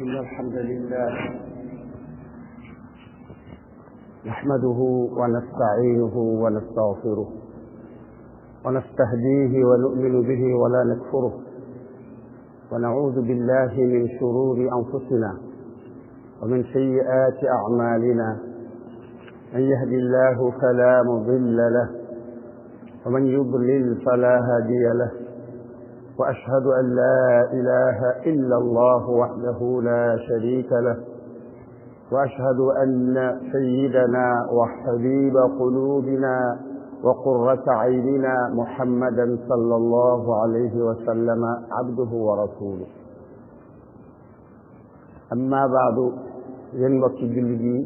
إن الحمد لله نحمده ونستعينه ونستغفره ونستهديه ونؤمن به ولا نكفره ونعوذ بالله من شرور أنفسنا ومن سيئات أعمالنا من يهد الله فلا مضل له ومن يضلل فلا هادي له واشهد ان لا اله الا الله وحده لا شريك له واشهد ان سيدنا وحبيب قلوبنا وقره عيننا محمدا صلى الله عليه وسلم عبده ورسوله اما بعد yéen mbokki jullit yi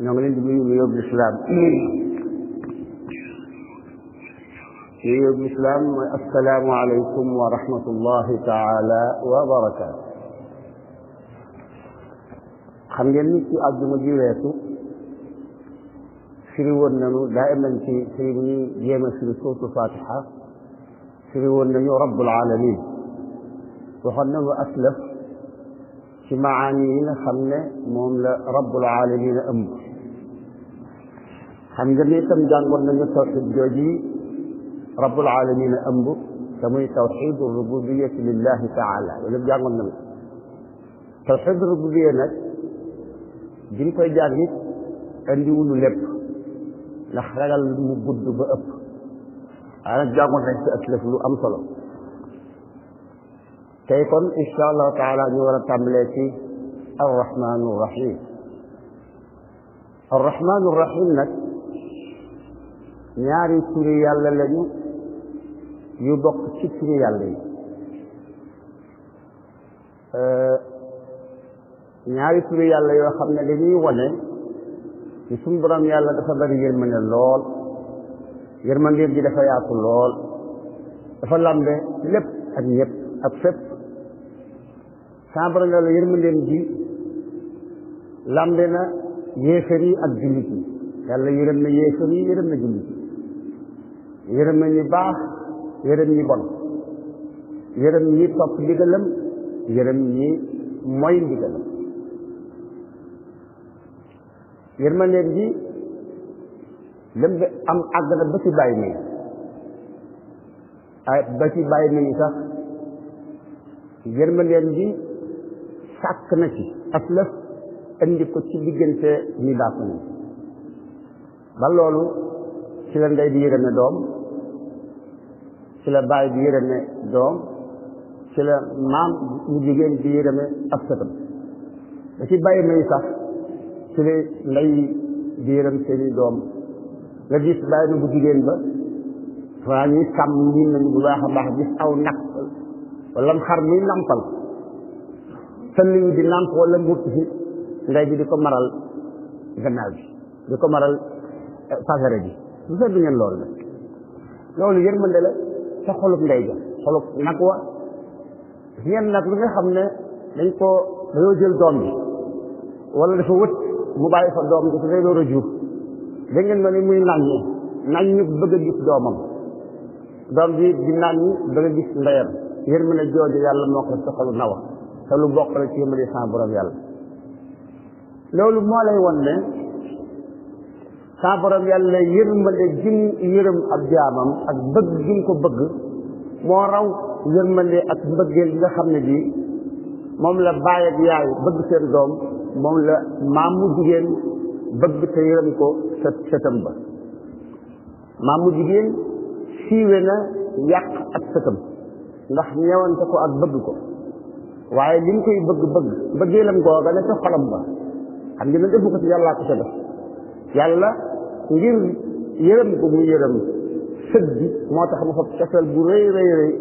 ñoo ngi يوم الإسلام السلام عليكم ورحمة الله تعالى وبركاته xam ngeen ni ci àjjuma ji weesu firi woon nañu daa iman ci firi bu ñuy jéem a firi sootu fatiha firi woon nañu rabbul alamin waxoon nañu aslaf ci maani yi nga xam ne moom la rabbul alamin ëmb xam nga ni itam jàngoon nañu tawxid jooji رب العالمين أمبو تمي توحيد الربوبية لله تعالى ولم يعمل نمي توحيد الربوبية نت جن كي جاني عندي ولو لب لخرج المبود بأب أنا جاكم حيث أتلف له أمثلة تيكون إن شاء الله تعالى نور تمليتي الرحمن الرحيم الرحمن الرحيم نت ناري سوريا الذي yu bokk ci suñu yàlla yi euh, ñaari turu yàlla yoo xam ne dañuy wone ci suñu borom yàlla dafa bari yërmande lool yërmandeem ji dafa yaatu lool dafa lambe lépp ak ñëpp ak fépp sama yàlla yërmandeem ji lambe na yéefar yi ak jullit yi yàlla yërëm na yéefar yi yërëm na jullit yi yërëm na ñu baax yërëm ñi bon yërëm ñi topp ndigalam yërëm ñi moy ndigalam yërmandeem ji lam am àgg na ba ci bàyyi nañu ay ba ci bàyyi nañu sax yërmandeem ji sàkk na ci ab lëf indi ko ci diggante ñi baax ba loolu ci la ndey di yërëme doom ci la baay bi yërëme doom ci la maam mu jigéen bi yërëme ab sëtam da ci bàyyi may sax ci la ndey di yërëm seeni doom nga gis bàyyi na bu jigéen ba waa ñuy sàmm ñin nañu bu baax a baax gis aw nag wala xar muy nampal sëll yi di nàmp wala mbuut si ndey bi di ko maral gannaaw bi di ko maral pasare eh, bi bu seetlu ngeen loolu la loolu yërmande la ca xolub ndey ja xolub nag wa ñenn nag li nga xam ne dañ koo dañoo jël doom bi wala dafa wët mu bàyyi fa doom bi te day door a juub da ngeen ma ni muy nàññi nàññi bëgg a gis doomam doom bi di nàññi bëgg gis ndeyam yéen mën a yàlla moo ko ca xolu nawa te lu bokk la ci yëmali sans yàlla loolu moo lay won ne saa borom yàlla yërmande jim yërëm ab jaamam ak bëgg jim ko bëgg moo raw yërmande ak mbëggeel bi nga xam ne bii moom la baay ak yaay bëgg seen doom moom la maam mu jigéen bëgg te yërëm ko sa sëtam ba maam mu jigéen siiwe na yàq ak sëtam ndax ñewante ko ak bëgg ko waaye li koy bëgg bëgg bëggeelam googa ne ca ba xam nga ne defu ko ci yàllaa ko ca def yàlla ngir yërëm ko mu yërëm sët bi moo tax mu fab cofeel bu rëy rëy rëy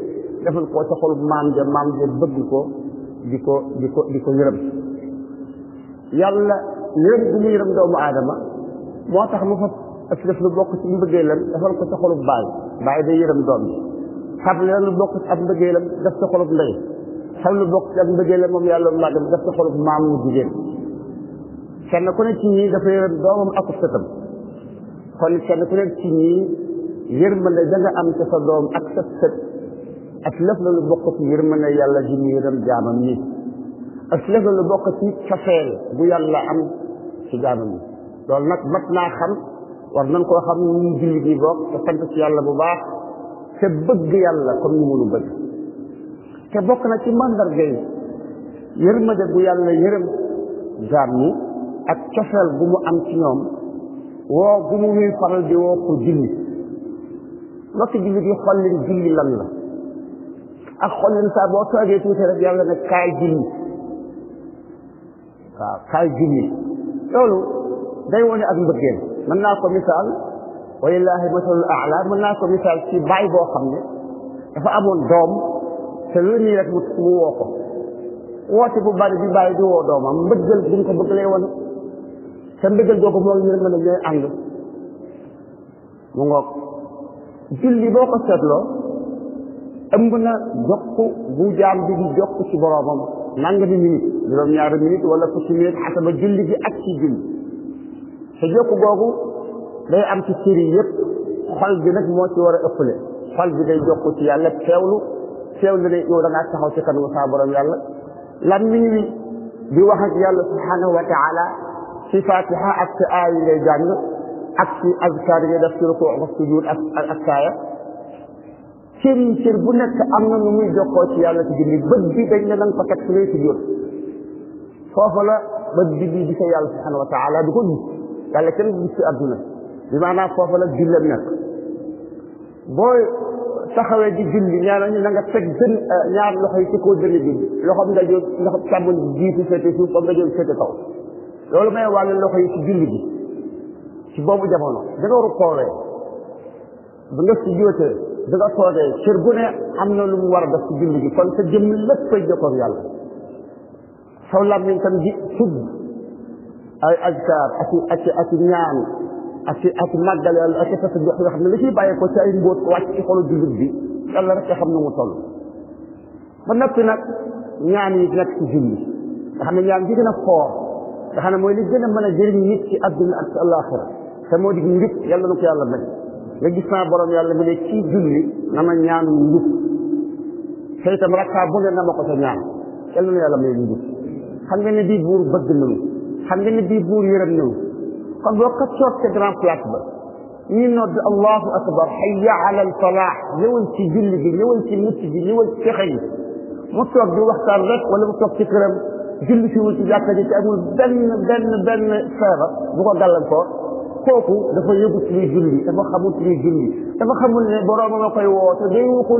defal ko ca xolub maam ja maam ja bëgg ko di ko di ko di ko yërëm yàlla yërëm gu mu yërëm doomu aadama moo tax mu fab a def lu bokk ci mbëggeelam defal ko ca xolub baay baay day yërëm doom bi leen lu bokk ci ab mbëggeelam def ca xolub ndey xam lu bokk a ab mbëggeelam moom yàlla mu màggam def ca xolub maam mu jigéen kenn ku ne ci ñii dafa yoroon doomam ak sëtam kon kenn ku ne ci ñii yërmande da nga am ca sa doom ak sa sët ak lëf la lu bokk ci yërmande yàlla ji mu yërëm jaamam yi ak lëf la lu bokk ci cofeel bu yàlla am ci jaamam yi loolu nag mat naa xam war nan koo xam ñu jullit ñi bokk te sant ci yàlla bu baax te bëgg yàlla comme ni mënu bëgg te bokk na ci mandarga yi yërmande bu yàlla yërëm jaam ñi ak cofeel bu mu am ci ñoom woo bu mu muy faral di woo ko julli nokki jullit xol leen julli lan la ak xol leen saa boo toogee tuuti rek yàlla ne kaay julli waaw kaay julli day wone ak mbëggeel mën naa ko misaal walillahi masalul aala mën naa ko misaal ci baay boo xam ne dafa amoon doom te lu nii rek mu woo ko woote bu bari bi bàyyi di woo doomam mbëggal bu ko bëgg lay woon te mbëggal googu moo ngi ñu mën a ñooy ànd mu ngoog julli boo ko seetloo ëmb na jokk bu jaam bi di jokk ci boroomam nangami minute juróom-ñaari minute wala fukki minute xasaba julli gi ak ci julli te jokk googu day am ci cër yépp xol bi nag moo ci war a ëppale xol bi day ci yàlla teewlu teewlu ne yow da taxaw ci kanamu saa yàlla lammiñ wi di wax yàlla subhanahu wa taala ci fatiha ak si aay yi ngay jàng ak ci azkar yi ngay def ci rukuu ak sujud ak ak saaya cër bu nekk am na nu muy jokkoo ci yàlla ci julli bët bi dañ ne nanga ko teg ci ngay sujud foofu la bët bi di gisee yàlla subhanahu wa taala du ko gis yàlla kenn du gis ci àdduna bi maanaam foofu la julleem nekk booy taxawee di julli ñaanal ñu na nga teg dën eh, ñaar loxo yi ci kaw dënn bi loxoom nga jóg loxo càmmoñ jiitu féete suuf comme nga jóg féete kaw loolu may wàllu loxo yi ci julli gi ci boobu jamono da nga ba nga si jóotee da nga toogee am na lu mu war a def ci julli gi kon sa jëmm lépp ay jokkoog yàlla saw làmmiñ tam di tudd ay azkar ak i ak i ak i ñaan ak i ak i màggal yàlla ak i fas yoo xam ne ci ay mbóot wàcc ci xolu jullit bi yàlla rek nga xam ne mu toll ba noppi nag ñaan yi nekk ci julli nga xam ne ñaan gi gën a foor nga moy li gëna mëna mën jëriñ nit ci àdduna ak ci àllaaxira sa mo dig nit yàlla nuko yàlla bañ nga gis na borom yàlla mëne ci julli na ma ñaanu njub sey tam rakka bu ne na mako sa ñaan yàlla nuko yàlla may njub xam nga ni bii bur bëgg na nañu xam nga ne bii buur yërëm nañu kon boo ko coot ca grand place ba ñi nodd allahu akbar hayya ala al falaax ñëwal ci julli bi ñëwal ci mucc bi ñëwal ci xey mu tok di waxtan rek wala mu tok ci kërëm julli siwul ci jàkka ji ci amul benn benn benn feebar bu ko gàllankoor kooku dafa yëgu luy julli dafa xamul luy julli dafa xamul ne boroomam a koy woote day woo ko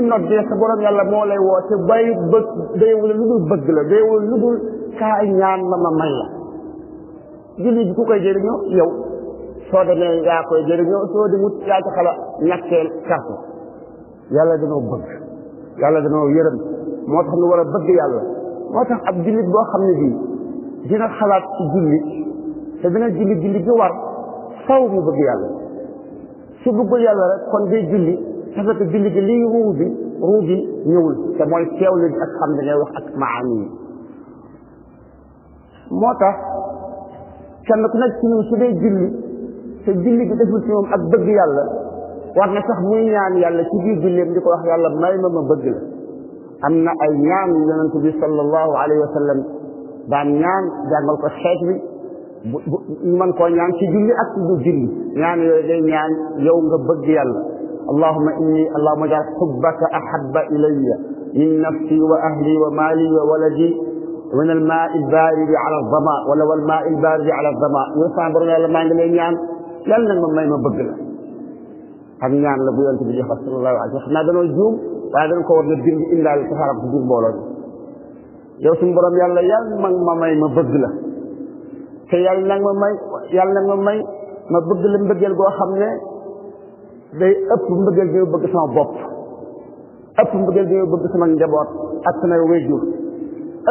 noddee sa borom yàlla moo lay woote bay bëgg day wala lu dul bëgg la day wala lu dul kaay ñaan ma ma may la jullit bi ku koy jëriñoo yow soo demee yaa koy jëriñoo soo demut yaa ci xala ñàkkeel kàrtu yàlla dañoo bëgg yàlla danoo yërëm moo tax nu war a bëgg yàlla moo tax ab jullit boo xam ne bii dina xalaat ci julli te dina julli julli gi war faw mu bëgg yàlla su bëggul yàlla rek kon day julli te fekk julli gi liy ruu bi ruu bi ñëwul te mooy teewlu ak xam ne ngay wax ak maani yi moo tax kenn ku nekk ci ñun su dee julli te julli gi deful ci moom ak bëgg yàlla war na sax muy ñaan yàlla ci biir julleem di ko wax yàlla may ma ma bëgg la am na ay ñaan yonent bi sallallahu alayhi wa sallam daan ñaan jàngal ko xeet bi man koo ñaan ci julli ak ci du julli ñaan yooyu day ñaan yow nga bëgg yàlla اللهم إني اللهم اجعل حبك أحب إلي من نفسي وأهلي ومالي وولدي من الماء البارد على الظمأ ولا والماء البارد على الظمأ يسعى برنا لما عندنا يعني لن ما ما بقى ak ñaan la bu yonent bi jox sallallahu alayhi wa xam naa danoo juum waaye dañ ko war na bind indaal taxaram ci biir mbooloo bi yow suñu borom yàlla yàlla mag ma may ma bëgg la te yàlla nag ma may yàlla nag ma may ma bëgg la mbëggeel goo xam ne day ëpp mbëggeel bi ma bëgg sama bopp ëpp mbëggeel bëgg sama njaboot ak sama wéjur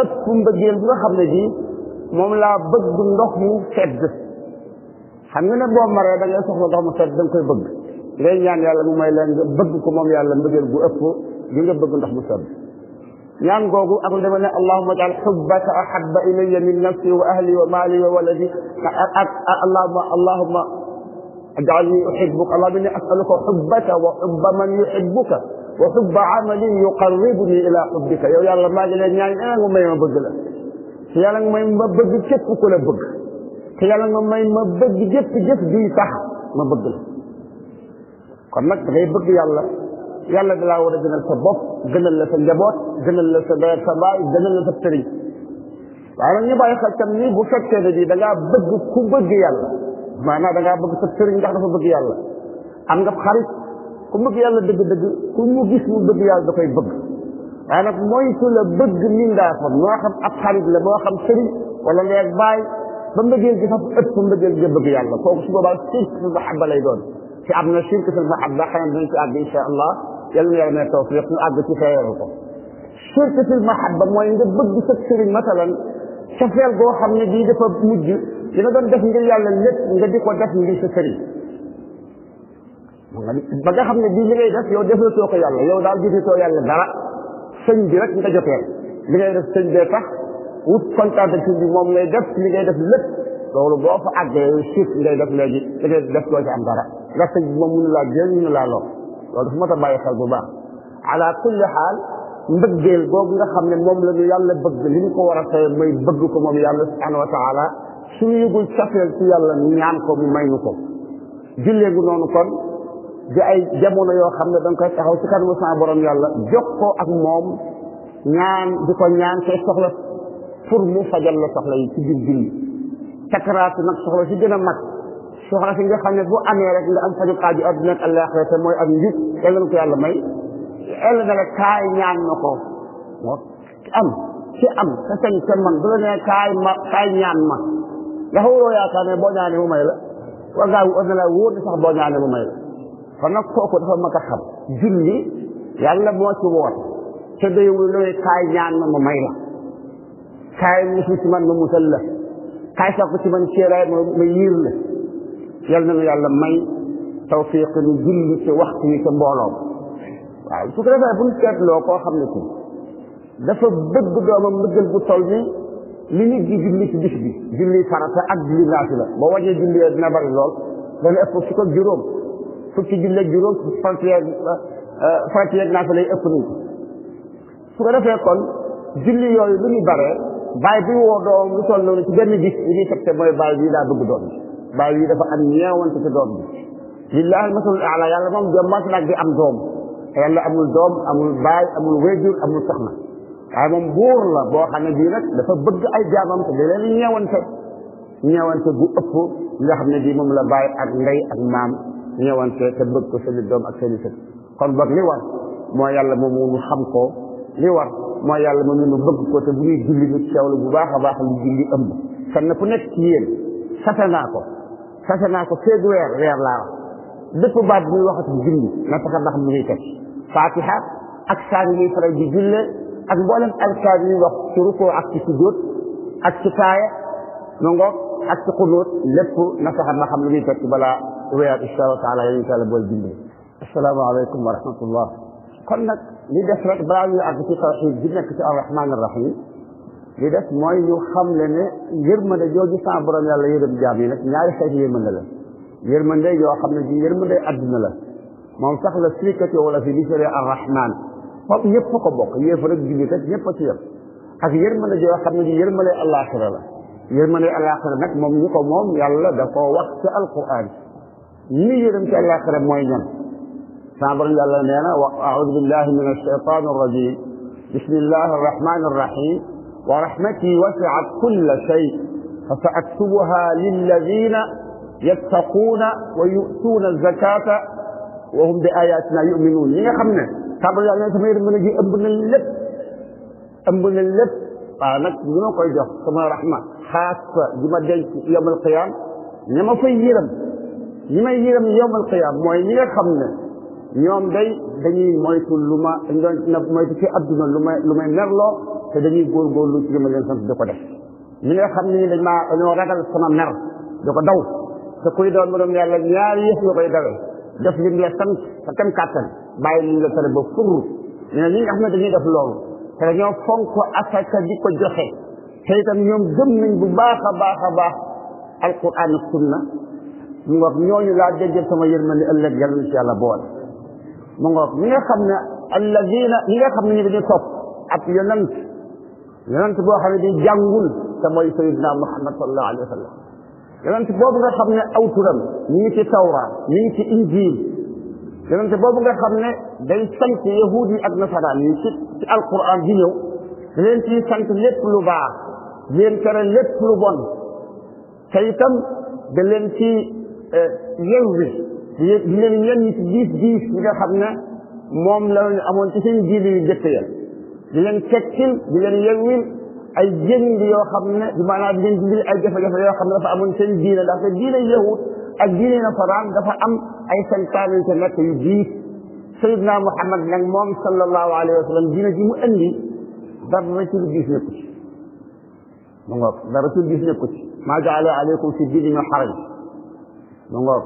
ëpp mbëggeel bi nga xam ne bii moom laa bëgg ndox mu sedd xam nga ne boo maree da ngay soxla ndox mu sedd da nga koy bëgg ngay ñaan yàlla mu may leen nga bëgg ko moom yàlla mbëggeel gu ëpp gi nga bëgg ndox mu sedd ñaan googu ak lu demee ne allahuma jaal xubbaka ahabba ilayya min nafsi wa ahli wa maali wa waladi ak allahuma allahuma اجعلني احبك اللهم اني اسالك حبك وحب من يحبك وحب عمل يقربني الى حبك يا يالا ما جي لين ñaan nga may ma bëgg la ci yàlla nga may ma bëgg képp ku la bëgg ci yàlla nga may ma bëgg jëpp jëpp bi tax ma bëgg la kon nag da ngay bëgg yàlla yàlla da laa war a gënal sa bopp gënal la sa njaboot gënal la sa dee sa baay gënal la sa sëriñ waaye nag ñu bàyyi xel tam ni bu fekkee ne bii da ngaa bëgg ku bëgg yàlla maanaam da ngaa bëgg sa sëriñ ndax dafa bëgg yàlla am nga xarit ku bëgg yàlla dëgg-dëgg ku mu gis mu bëgg yàlla da koy bëgg waaye nag moytu la bëgg mindaafam moo xam ab xarit la moo xam sëriñ wala leeg baay ba mbëggeel gi faf ëpp mbëggeel gi bëgg yàlla kooku su boobaa sirk mahabba lay doon ci am na shirk fil mahabba xëy na dañ ci àgg incha allah yal na yàlla may tawfiq ñu àgg ci feeyaru ko shirk fil mahabba mooy nga bëgg sa sëriñ masalan sa feel goo xam ne bii dafa mujj li nga doon def ngir yàlla lépp nga di ko def ngir sa sëriñ ba nga xam ne bii li ngay def yow defetoo ko yàlla yow daal jëfetoo yàlla dara sëñ bi rek nga joteel li ngay def sëñ bee tax wut kontaan sëñ bi moom ngay def li ngay def lépp loolu boo fa àggee siif ngay def léegi da ngay def doo am dara ndax sëñ bi mu mënu laa jël mënu laa lor loolu dafa mat a bàyyi xel bu baax ala kulli xaal mbëggeel boobu nga xam ne moom la ñu yàlla bëgg li ñu ko war a tey may bëgg ko moom yàlla subhanahu wa taala suñu yëgul safeel ci yàlla ñaan ko mu may nu ko julleegu noonu kon di ay jamono yoo xam ne da nga koy taxaw ci kanamu sa borom yàlla jox ko ak moom ñaan di ko ñaan te soxla pour la soxla sakaraatu nag soxla si gën a mag soxla si nga xam ne boo amee rek la am faju xaaju adduna ak àllaaxira te mooy am njub kaay ñaan na ko moo am ci am te sañ te man bu la nee kaay ma kaay ñaan ma boo ñaanee mu la war ngaa war na la wóor ne sax boo ñaanee mu may la kon a xam julli kaay ñaan ma ma may la kaay musu ma musal la kaay sàkku ci man ceelaay ma ma yiir la yal na nu yàlla may tawfiq nu julli ci waxtu yi ca mbooloom waaw su ko defee seetloo koo xam ne ci dafa bu toll ni li nit di julli ci bis la ba wàññee julli dina bari lool dana ëpp fukk ak juróom fukki ak juróom farata euh, kon julli yooyu lu ñu baree baay bi woo doom lu toll noonu ci benn gis li ñuy tegte mooy baay bii daa bëgg doom baay bii dafa am ñeewante ci doom bi lillahi masalul ala yàlla moom jom mas naag bi am doom yàlla amul doom amul baay amul wéjur amul soxna waaye moom buur la boo xam ne bii dafa bëgg ay jaamam te da leen ñeewante ñeewante bu ëpp nga xam ne bii moom la baay ak ndey ak maam ñeewante te bëgg ko seeni doom ak seeni sët kon boog li war moo yàlla moom mu xam ko li war mooy yàlla ma nu bëgg ko te bu ñuy julli ñu teewlu bu baax a baax lu julli ëmb kon na ku nekk ci yéen sase naa ko sase naa ko feeg weer weer laa wax bépp baat bu ñuy waxati julli na fexe ndax mu ñuy teg fatiha ak saar yi ñuy faral di julle ak mboolem alkaar yi wax ci rukoo ak ci sujjóot ak ci kaaya ma ngoog ak ci xunóot lépp na fexe na xam lu ñuy teg balaa weer incha allah taala yéen incha allah booy julli asalaamaaleykum wa rahmatullah kon nag li des rek balaa ñuy àgg ci tawxiid bi nekk ci arrahmaan arrahim li des mooy ñu xam le ne yërmande jooju sa borom yàlla yërëm jaam yi nag ñaari xeeti yërmande la yërmande yoo xam ne ji yërmande àdduna la moom sax la sirikati wala fi li sore arrahman foofu ñëpp fa ko bokk yéefar ak jullit ak ñëpp a ci yem ak yërmande joo xam ne ji yërmande alaxira la yërmande alaxira nag moom ñu ko moom yàlla da koo wax ci alquran ñi yërëm ci alaxira mooy ñan صبر لنا وأعوذ بالله من الشيطان الرجيم بسم الله الرحمن الرحيم ورحمتي وسعت كل شيء فسأكتبها للذين يتقون ويؤتون الزكاة وهم بآياتنا يؤمنون لي خمنا صبر لنا سمير من جي أبن اللب أبن اللب قالت من قيدة كما رحمة خاصة جمع يوم القيام نما في يرم نما يرم يوم القيامة وين يرم ñoom day dañuy moytu lu ma dañ na moytu ci adduna lu may lu may merloo te dañuy góorgóorlu ci li ma leen sant di ko def ñi nga xam ne dañ maa dañoo ragal sama mer di ko daw te kuy doon mu doon yàlla ñaari yëf nga koy dawee def lim la sant sa kem kàttan bàyyi liñ la tere ba furru ñu ne ñi nga xam ne dañuy def loolu te dañoo fonk asaka di ko joxe te itam ñoom gëm nañ bu baax a baax a baax alquran ak sunna mu wax ñooñu laa dégg sama yërmande ëllëg yàlla ci yàlla boole mu ngoog ñi nga xam ne alladina ñi nga xam ne ñu dañu topp ab yonant yonant boo xam ne di jàngul te mooy sayidna muhammad sallallahu alayhi wa sallam yonent xam ne aw turam mi ngi ci tawra mi ngi ci injil yonent boobu nga xam ne day sant yahud yi ak nasaraan yi ci ci alquran di ñëw da leen ciy lu baax di leen tere lépp lu bon ci eh, yewwi yeneen yenn ci diis diis yi nga xam ne moom la amoon ci seen jiir yu jëkk ya di leen tekkil di leen yewwil ay jënd yoo xam ne bi maanaam di leen dindil ay jafe-jafe yoo xam ne dafa amoon seen diine ndax te diine yahut ak diine nasaraan dafa am ay santaan yu ca nekk yu diis sayidna muhammad nag moom sallallahu alayhi wa sallam diine ji mu andi dara ci lu diis nekku ci mu ngoog dara ci lu diis nekku ci maa jaala alaykum fi diini min xaraj mu ngoog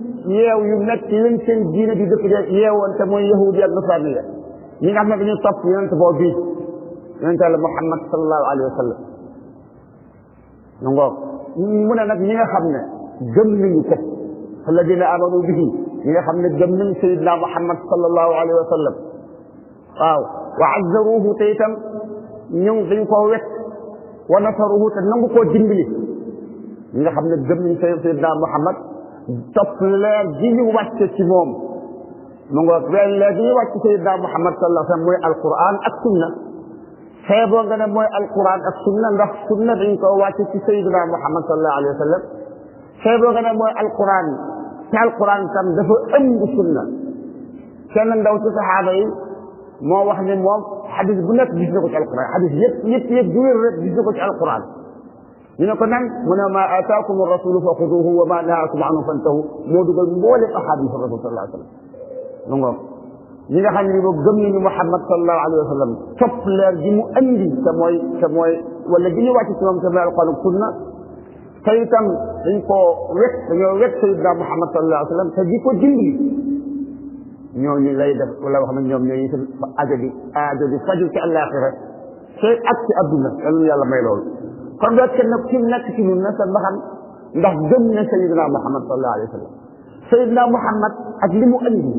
yeew yu metti yuñ seen diine di dëkk de yeewante mooy yahudi ak nasaani ya ñi nga xam ne dañuy topp yonent boobu bii yonent yàlla muhammad salallahu alayhi wa sallam ñu ngoog mu ne nag ñi nga xam ne gëm nañu ko alladina amanu bihi ñi nga xam ne gëm nañ sayidna muhammad salallahu alayhi wa sallam waaw wa azzaruhu te itam ñu dañ koo wet wa nasaruhu te nangu koo dimbali ñi nga xam ne gëm nañ sayidna muhammad topp leer ji ñu wàcce ci moom mu ngoog weer leer ji ñu wàcce sayidna muhammad sallallahu alayhi wasallam mooy alquran ak sunna xeeboo nga ne mooy alquran ak sunna ndax sunna dañ ko wàcce ci sayidna muhammad sallallahu alayhi wasallam xeeboo nga ne mooy alquran te alquran tam dafa ëmb sunna kenn ndaw ci saxaaba yi moo wax ne moom xadis bu nekk gis na ko ci alquran xadis yëpp yëpp yëpp ju wér rek gis na ko ci alquran ñu ko nan mu ne ma ataakum ar rasulu fa xuduhu wa ma naakum anhu fantahu moo dugal mboole ahadisa rasul sallallahu alayhi wasallam ngom yi nga xamni bo gëm ni muhammad sallallahu alayhi wasallam top leer gi mu andi te moy te moy wala gi ñu wàcc ci mom te mooy alquran ak sunna te dañ koo wet dañoo wet sayidna muhammad sallallahu alayhi wa sallam te di ko dindi lay def wala wax na ñoom ñooñu seen aajo bi aajo bi faju ci àllaaxira te ak ci àdduna yàlla yàlla may loolu kon doo kenn ku nekk ci ñun na sa mbaxam ndax gëm na sayidina muhammad sallallahu alayhi wa sallam sayidina muhammad ak li mu andi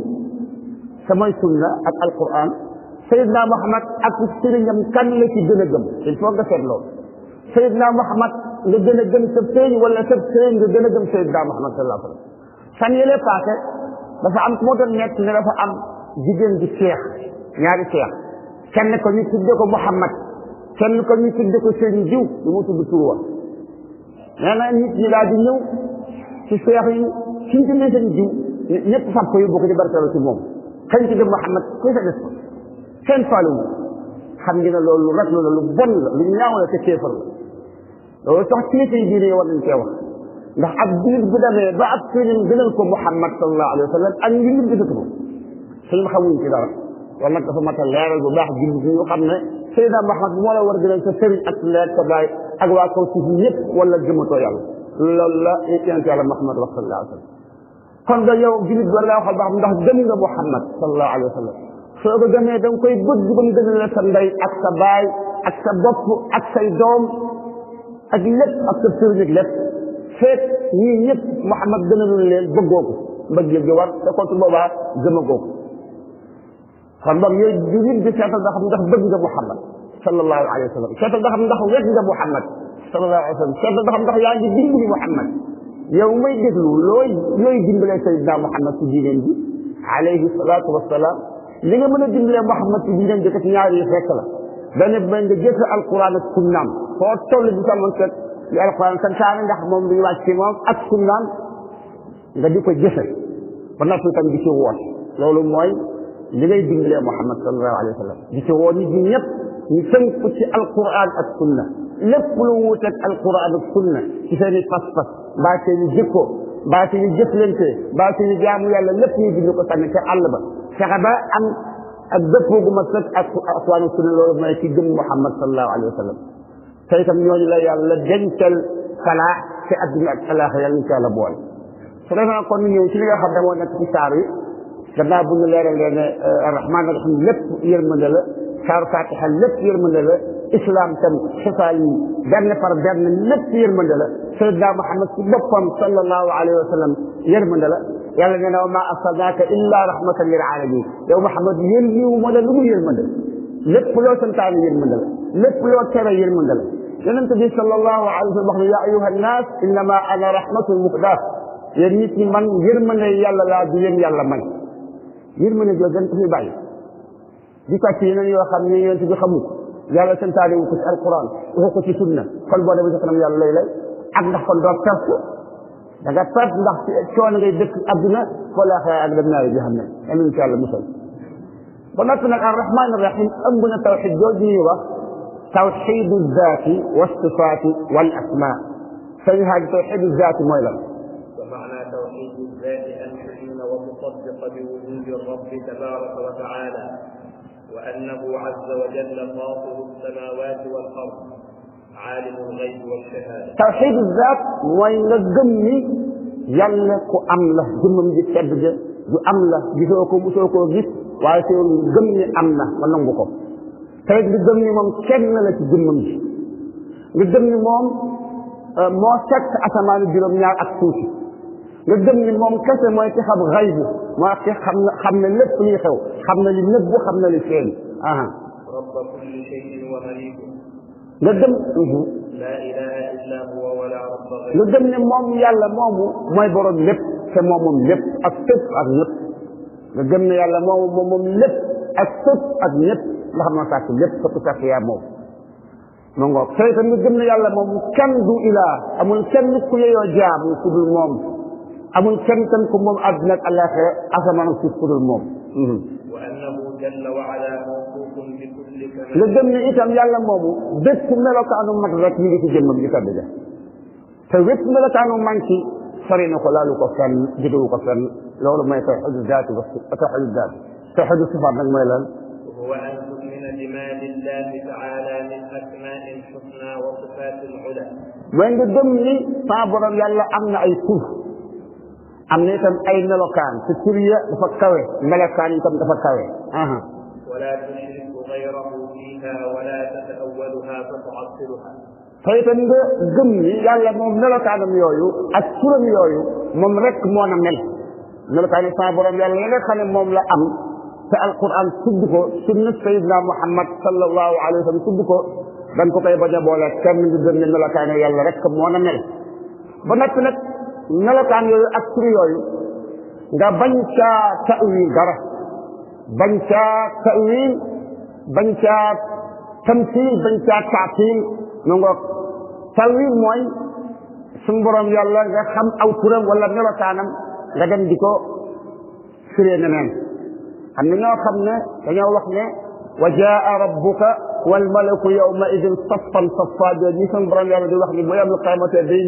samay sunna ak alquran sayidina muhammad ak sëriñam kan la ci gën a gëm il faut nga seet loolu sayidina muhammad nga gën a gëm sa sëriñ wala sa sëriñ nga gën a gëm sayidina muhammad sallallahu alayhi wa sallam fan yële passé dafa am ku ma doon nekk ne dafa am jigéen di seex ñaari seex kenn ko ñu tudde ko muhammad kenn ko ñu tudde ko seen jiw du mu tudd tur wa nee na nit ñi daal di ñëw ci seex yi suñ tuddee seen jiw ñëpp fab ko yóbbu ko ci barkeelu ci moom xëy ci dem Muhammad ku sa des ko kenn faalu xam ngeen loolu lu rag la lu bon la lu ñaaw la te kéefar la loolu sax kilifa yi diine war nañ cee wax ndax ab julit bu demee ba ab sëriñ gënal ko Muhammad sallallahu alayhi wa sallam ak ñu lim gisatu ko sëriñ xamuñ ci dara loolu nag dafa mat a leeral bu baax julit ñu xam ne سيدا محمد ولا ورجل انت سبي اتلاك تبعي اقوى اكو تهيك ولا جمت ويالو طيب. لا لا انت على محمد صلى الله عليه وسلم كان دا يو جلد ورلا وخال بحب ده جميل محمد صلى الله عليه وسلم سوغو جميع دون كوي بد جبن دون الله سنبي اكسا باي اكسا بطف اكسا يدوم اجلت اكسا بسير جلت فيت نينيك محمد دون الله بقوك بقوك بقوك بقوك بقوك بقوك kon moom yooyu nit di seetal nga xam ndax bëgg nga muhammad sallallahu alayhi wa sallam seetal nga xam ndax wet nga muhammad sallallahu alayhi wa sallam seetal nga xam ndax yaa ngi dimbali muhammad yow may déglu looy looy dimbalee sayidna muhammad ci diineen bi alayhi salatu wassalam li nga mën a dimbalee muhammad ci diineen bi ci ñaar yi fekk la benn benn nga jëfe alquran ak sunnaam foo toll di samoon kat li alquran santaane ndax moom li wàcc ci moom ak sunnaam nga di ko jëfe ba noppi tam di ci woot loolu mooy li ngay dimbalee Muhammad sallallahu alayhi wa sallam di ci woo nit ñi ñëpp ñu tënku ci alquran ak sunna lépp lu wuuteeg alquran ak sunna ci seen i pas-pas mbaa seen i jikko mbaa seen i jëflante mbaa seen i jaamu yàlla lépp ñu bind ko sànni ca àll ba fexe ba am ak dëppoo gu ma sëkk ak alquran ak sunna loolu mooy ci gëm Muhammad sallallahu alayhi wa sallam te itam ñooñu la yàlla dencal falaax ci adduna ak alaax yàlla ñu ci yàlla boole su defee kon ñëw ci li nga xam ne moo nekk ci saar yi gannaaw bu ñu leeralee ne rahmaan rahim lépp yërmande la saaru fatiha lépp yërmande la islam tam xisaa yi benn par benn lépp yërmande la sayidna muhammad ci boppam sallallahu alayhi wa sallam yërmande la yàlla nee na wa maa arsalnaaka illa rahmatan lil alamin yow muhammad yónniwu ma la lu mu yërmande la lépp loo santaane yërmande la lépp loo tere yërmande la yonent bi sallallahu alayhi wa sallam wax ne yaa ayuha nnaas innama ana rahmatun muhdaa yéen nit ñi man yërmande yàlla laa di leen yàlla may ngir mën a jógal dafay bàyyi di sàcc yeneen yoo xam ne yonent bi xamul yàlla santaane wu ko ci alquran wu ko ci sunna kon boo demee sa kanam yàlla lay lay ak ndax kon doo perte da nga perte ndax coono ngay dëkk adduna wala xëy ak dem naari jahannam amin ci yàlla musal ba noppi nag ar rahim ëmb na tawxid jooju ñuy wax tawxidu zaati wa sifaati wal asma sañu xaaj tawxidu zaati mooy lan تبارك وتعالى وانه عز وجل فاطر السماوات والارض عالم الغيب والشهاده توحيد الذات وين الذم يلا ام لا جنم دي تبدا ام لا جيسوكو موسوكو غيس واي سيون ام لا ما نانغوكو تاي دي گم ني موم كين لا سي جنم دي گم ني موم nga gëm ni moom kese mooy ki xam xaybu xam na xam na xew xam na li nëbbu xam na li feeñ aha rabba kulli shay'in wa maliku nga gëm la ilaha illa huwa wala rabba ghayru nga gëm ne moom yàlla moomu mooy borom lépp te moom moom lépp ak tëpp ak ne yàlla moomu xam na sàkk yaa moom ma ngoog te itam ne yàlla moom kenn ilaa amul kenn ku yeyoo jaamu ku dul moom amul kenn tan ko moom àdduna ak àllaaxira asamaan ak suuf ku dul moom. wa annahu jalla wa ala mawsuufun bi kulli kamal. nga gëm ne itam yàlla moomu bépp melokaanu mat rek ñu ngi ci jëmmam ji tàbbi ja te wépp melokaanu manki sori na ko laalu ko fenn jugewu ko fenn loolu mooy tawxidu daati ba tawxidu daati tawxidu sifaat nag mooy lan. mooy nga gëm ni saa borom yàlla am na ay tur am na itam ay melokaan te tur ya dafa kawe melokaan itam dafa kawe wala tushriku ghayrahu fiha wala tata'awwaluha fata'assiluha te itam nga gëm ni yàlla moom melokaanam yooyu ak turam yooyu moom rek moo na mel melokaani sa borom yàlla yi nga xam ne moom la am te alquran tudd ko sunna sayidna muhammad sallallahu alayhi wa sallam tudd ko dañ ko koy bañ a boole kenn di gëm ne melokaani yàlla rek moo na mel ba noppi nag melokaan yooyu ak tur yooyu nga bañ caa ta'wil dara bañ caa ta'wil bañ caa tamsil bañ caa mooy suñu borom yàlla nga xam aw turam wala melokaanam nga dem di ko firee neneen am na xam ne dañoo wax ne wa jaa rabbuka wal malaku yawma idin saffan saffa jooju ñi suñu borom yàlla di wax ni bu yawmal qiyaamate day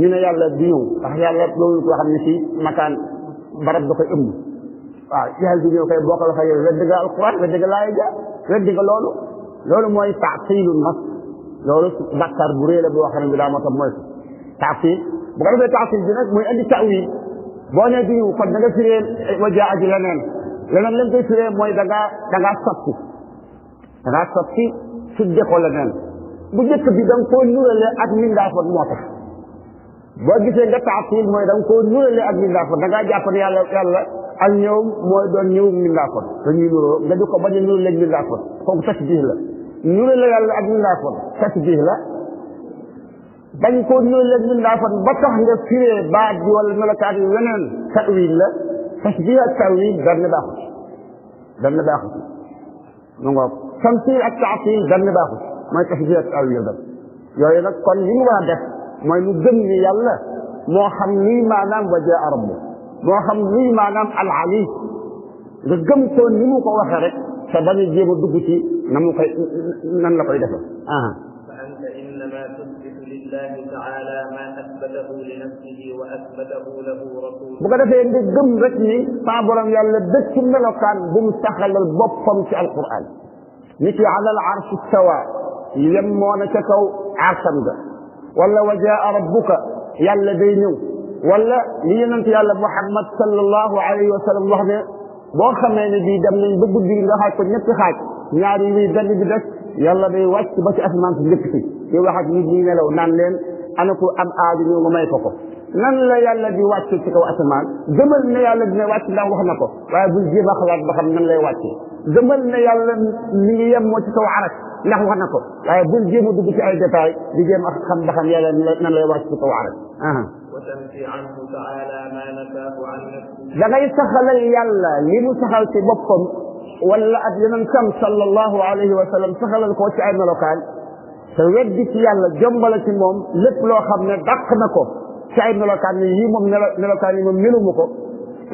ñu ne yàlla du ñëw yàlla loolu koo xam ne si makaan barab da koy ëmb waaw yàlla du ñëw kay boo ko la fayee weddi nga alquran weddi nga laay ja weddi loolu mooy taasilul nas loolu bàkkaar bu réy boo xam ne bi daa moo tax mooy taasil bu ko defee taasil bi nag mooy andi tawil boo nee du ñëw kon da nga firee eh, wajaa ji leneen leneen lañ koy firee mooy da ngaa da ngaa ko leneen bu njëkk bi da nga koo nurale ak mindaafoon moo tax boo gisee nga taatil mooy da nga koo nurale ak mindaafoon da ngaa jàpp yàlla yàlla ak ñëw mooy doon ñëw mindaafoon dañuy nuroo nga ko a nurale ak mindaafoon kooku la nurale yàlla ak mindaafoon tasbih la bañ koo nurale ak mindaafoon ba tax nga firee baat bi wala melokaat yi weneen tawil la tasbih ak tawil dara na baaxut dara na baaxut mu ngoog tamsil ak taatil dara baaxut mooy tasbih ak tawil yooyu nag kon li mu war a def moy mu gëm ni yàlla mo xam ni manam waja rabbu mo xam ni manam al ali nga gëm ko ni mu ko waxe rek sa bañ a dugg ci na mu nan la koy defal ah فأنت إنما تثبت لله bu ko defee nga gëm rek ni saa borom yàlla dëkk ci melokaan bu mu saxalal boppam ci alquran ni ci ala al arsh istawa yem moo na ca kaw arsam ga ولا وجاء ربك يلا بينو ولا لي ننت يلا محمد صلى الله عليه وسلم الله نه بو خمنا دي دم نين بو بودي لا خاج كو نيت خاج نياري وي بن بي دك يلا بي واتي با سي اسمان سي نيت سي دي واخ ني دي نلو نان لين انا كو ام ادي نيو ماي فوكو نان لا يلا دي واتي سي كو اسمان دمل نيا يلا دي واتي لا واخ نكو واي بو جي با خلاص با خم نان لاي واتي دمل نيا يلا ني يم مو عرش ndax wax na ko waaye bul jéem a dugg ci ay détail di jéem a xam ba xam yàlla nan lay wàcc ci kaw arab da ngay saxalal yàlla li mu saxal ci boppam wala ak yonentam sallallahu alayhi wa sallam saxalal ko ci ay melokaan te weddi ci yàlla jombala ci moom lépp loo xam ne dàq na ko ci ay melokaan ne yii moom melokaan yi moom meluma ko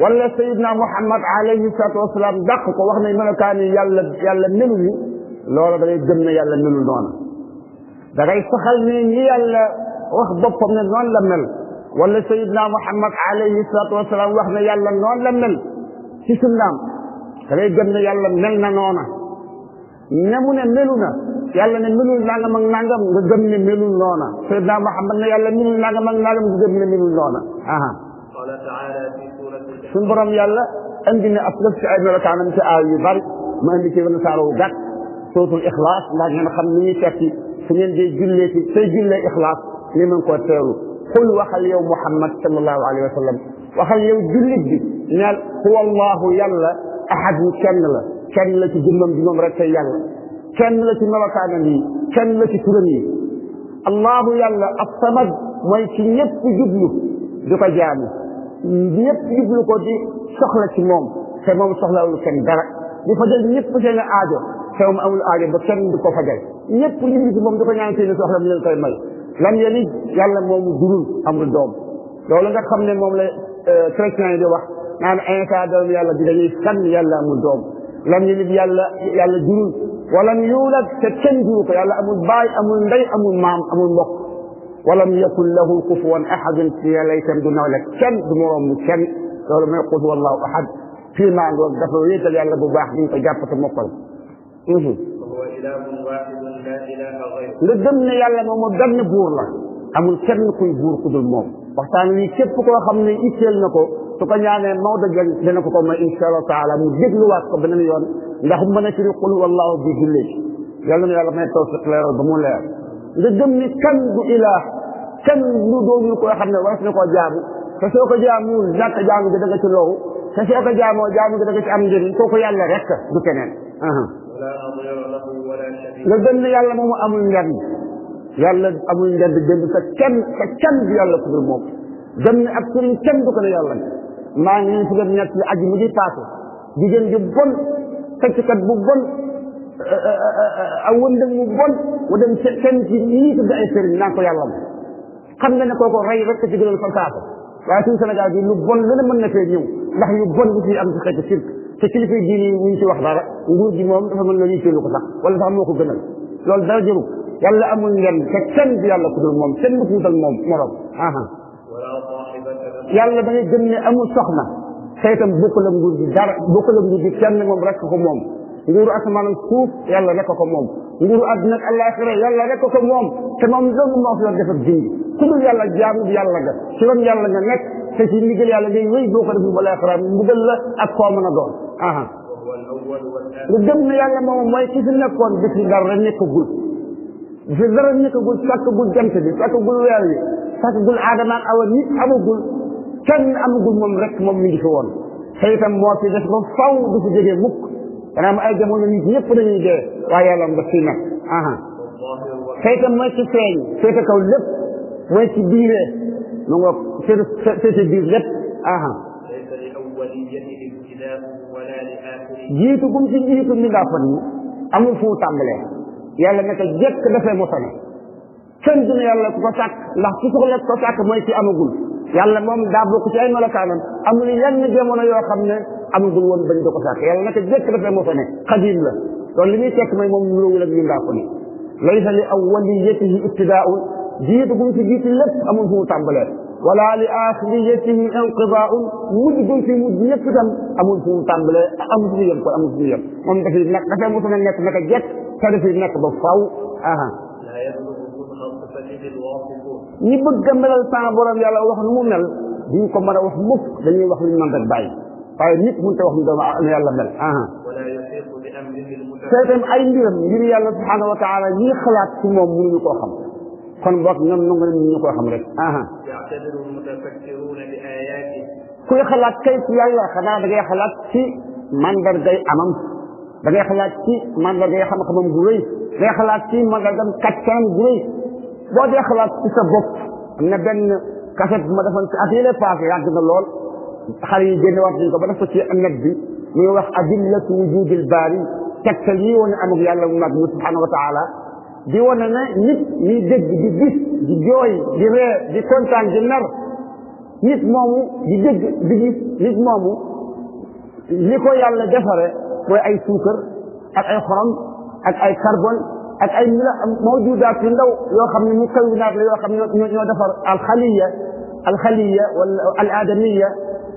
wala sayidna muhammad alayhi salatu wasalaam dàq ko wax ne melokaan yi yàlla yàlla melu ni loolu da lay gëm ne yàlla melul noona da ngay saxal ni ñi yàlla wax boppam ne noonu la mel wala sayidna muhammad alayhi salatu wasalaam wax ne yàlla noonu la mel ci sunnaam da ngay gëm ne yàlla mel na noona ne mu ne melu na yàlla ne melul nangam ak nangam nga gëm ne melul noona sayidna muhammad ne yàlla melul nangam ak nangam nga gëm ne melul noona aha sun borom yàlla andi na af lëf ci ay melokaanam ci aay yu bari ma indi ci wenn saaro wu gàtt صوت الإخلاص لا نحن خمني شكي سنين دي جلية سجل الإخلاص لمن كو تيرو قل وخل يوم محمد صلى الله عليه وسلم وخل يوم جلية دي نال هو الله يلا أحد كان لا كان لا تجمم جمم رتا يلا كان لا تملكان لي كان لا تكرني الله يلا الصمد ما يكنيب جبلو دوكا جاني ñepp jublu ko di soxla ci moom te moom soxla wu kenn dara di fa jël ñepp jël aajo xewam amul aajo ba kenn du ko fajal ñëpp ñu ngi ci moom di ko ñaan seen soxla mu leen koy may lam yeli yàlla moomu jurul amul doom loolu nga xam ne moom la chrétien yi di wax naan insa doom yàlla bi dañuy san yàlla amul doom lam yelid yàlla yàlla jurul walam yuulad te kenn juru ko yàlla amul baay amul ndey amul maam amul mbokk walam yakun lahu kufuwan ahadun ci yàlla itam du nawle kenn du moroom mu kenn loolu mooy qul huwallahu ahad fii maa ngoog dafa wéetal yàlla bu baax ñu ko jàpp te mokkal nga mhm. gëm ne yàlla moom benn buur la amul kenn kuy buur ku dul moom waxtaan wi képp koo xam ne itteel na ko su ko ñaanee Maodo Diagne dana ko ko may insha allah taala mu dégluwaat ko beneen yoon ndax mën a firi qul wallahu bi julli yàlla na yàlla may tawfiq leeral ba mu leer nga gëm ni kan du ilaah kan lu doonul koo xam ne war na koo jaamu te soo ko jaamuwul ñàkk jaamu gi da nga ci loru te soo ko jaamoo jaamu gi da nga ci am njëriñ kooku yàlla rek du keneen la gën yàlla moomu amul njariñ yàlla amu njariñ gën ta kenn sa kenn du yàlla ku dul moom gën ak sëriñ kenn du yàlla maa ngi leen fi doon ñett li aji mu di paase jigéen ju bon fecckat bu bon euh, euh, euh, aw wëndëng mu bon wa dem kenn ci ñii tudd ay sëriñ naan ko yàlla ma xam nga ne kooku rey rek ci gënoon fa saako waaye suñu Sénégal bi lu bon lu ne na fee ñëw ndax yu bon bu ci am ci xeetu sirk تكلف ديني من شو أخبار يقول دي مهم فهم الذي شو لقطة ولا فهم وخو جنل لول درجرو يلا أمون جن كتن في الله كدر مهم سن بفوت المهم مرض ها ها يلا بني جن أمو سخنة سيتم بكلم جودي دار بكلم جودي كن مهم رك خمهم يقول أسمان الكوف يلا رك خمهم يقول أدنى الله خير يلا رك خمهم تمام زوج ما في الله جفر جين كل يلا جامو يلا جف شلون يلا جنك سيدي ليجي يلا جي وي بكرة بولا خرام بدل أقوى من aha gëm na yàlla moom mooy ci fi nekkoon bi fi dara nekkagul bi dara nekkagul sàkkagul jant bi sàkkagul weer wi sàkkagul aadama ak awa nit amagul kenn amagul moom rek moom mi ngi fi woon te itam moo fi def ba faw du fi jógee mukk dana am ay jamono nit ñëpp dañuy dee waaye yàlla nga fi nag aha te itam mooy ci feeñ féete kaw lépp mooy ci biiree mu nga féete biir lépp aha jiitu gum ci jiitu mi ndaa fan yi amul fu tàmbalee yàlla naka jekk dafay mosane kenn dina yàlla ku ko sàkk ndax ku soxla ko sàkk mooy ci amagul yàlla moom daa bokk ci ay melokaanam amul yenn jamono yoo xam ne amagul woon bañ di ko sàkk yàlla naka jekk dafay mosane xadim la loolu li muy tekk mooy moom nuróowul ak mi ndaa fan yi laysa li awwaliyatihi ibtidaa'un jiitu gum ci jiitu lépp amul fu tàmbalee ولا لآخريته انقضاء مجد في مجد يكتم أمون في مطامبلة أمزيان في أمزيان ومن تفي النقضة في مطمئن نتنك جت تدفي النقضة فاو أها نبقى من الطابور يا الله وحن ممل دين كما روح مف دين وحن من ذلك باي طيب نيك من توحن دواء يا الله مل أها ولا يفيق بأمره المتحدث سيتم أي مرم يري الله kon bok ñom nu ngi ñu ko xam rek aha ya'tadiru mutafakkiruna bi ayati kuy xalaat kay ci yàlla xanaa da ngay xalaat ci mandargay amam da ngay xalaat ci mandargay xam-xamam gu rëy da ngay xalaat ci mandargam kàttanam gu rëy boo dee xalaat ci sa bopp na benn kaset ma defoon ci at yële paase na lool xale yi génne waat nañ ko ba def ci net bi muy wax adillatu wujudil baari tegtal yi woon yàlla mu subhanahu wa taala di wane ne nit ñi dégg di gis di jooy di ree di kontaan di nar nit moomu di dégg di gis nit moomu li ko yàlla defare mooy ay suukar ak ay xorom ak ay carbone ak ay mila mawjudaat yu ndaw yoo xam ne mu kawinaat la yoo xam ne ñoo defar alxaliya alxaliya wala al adamiya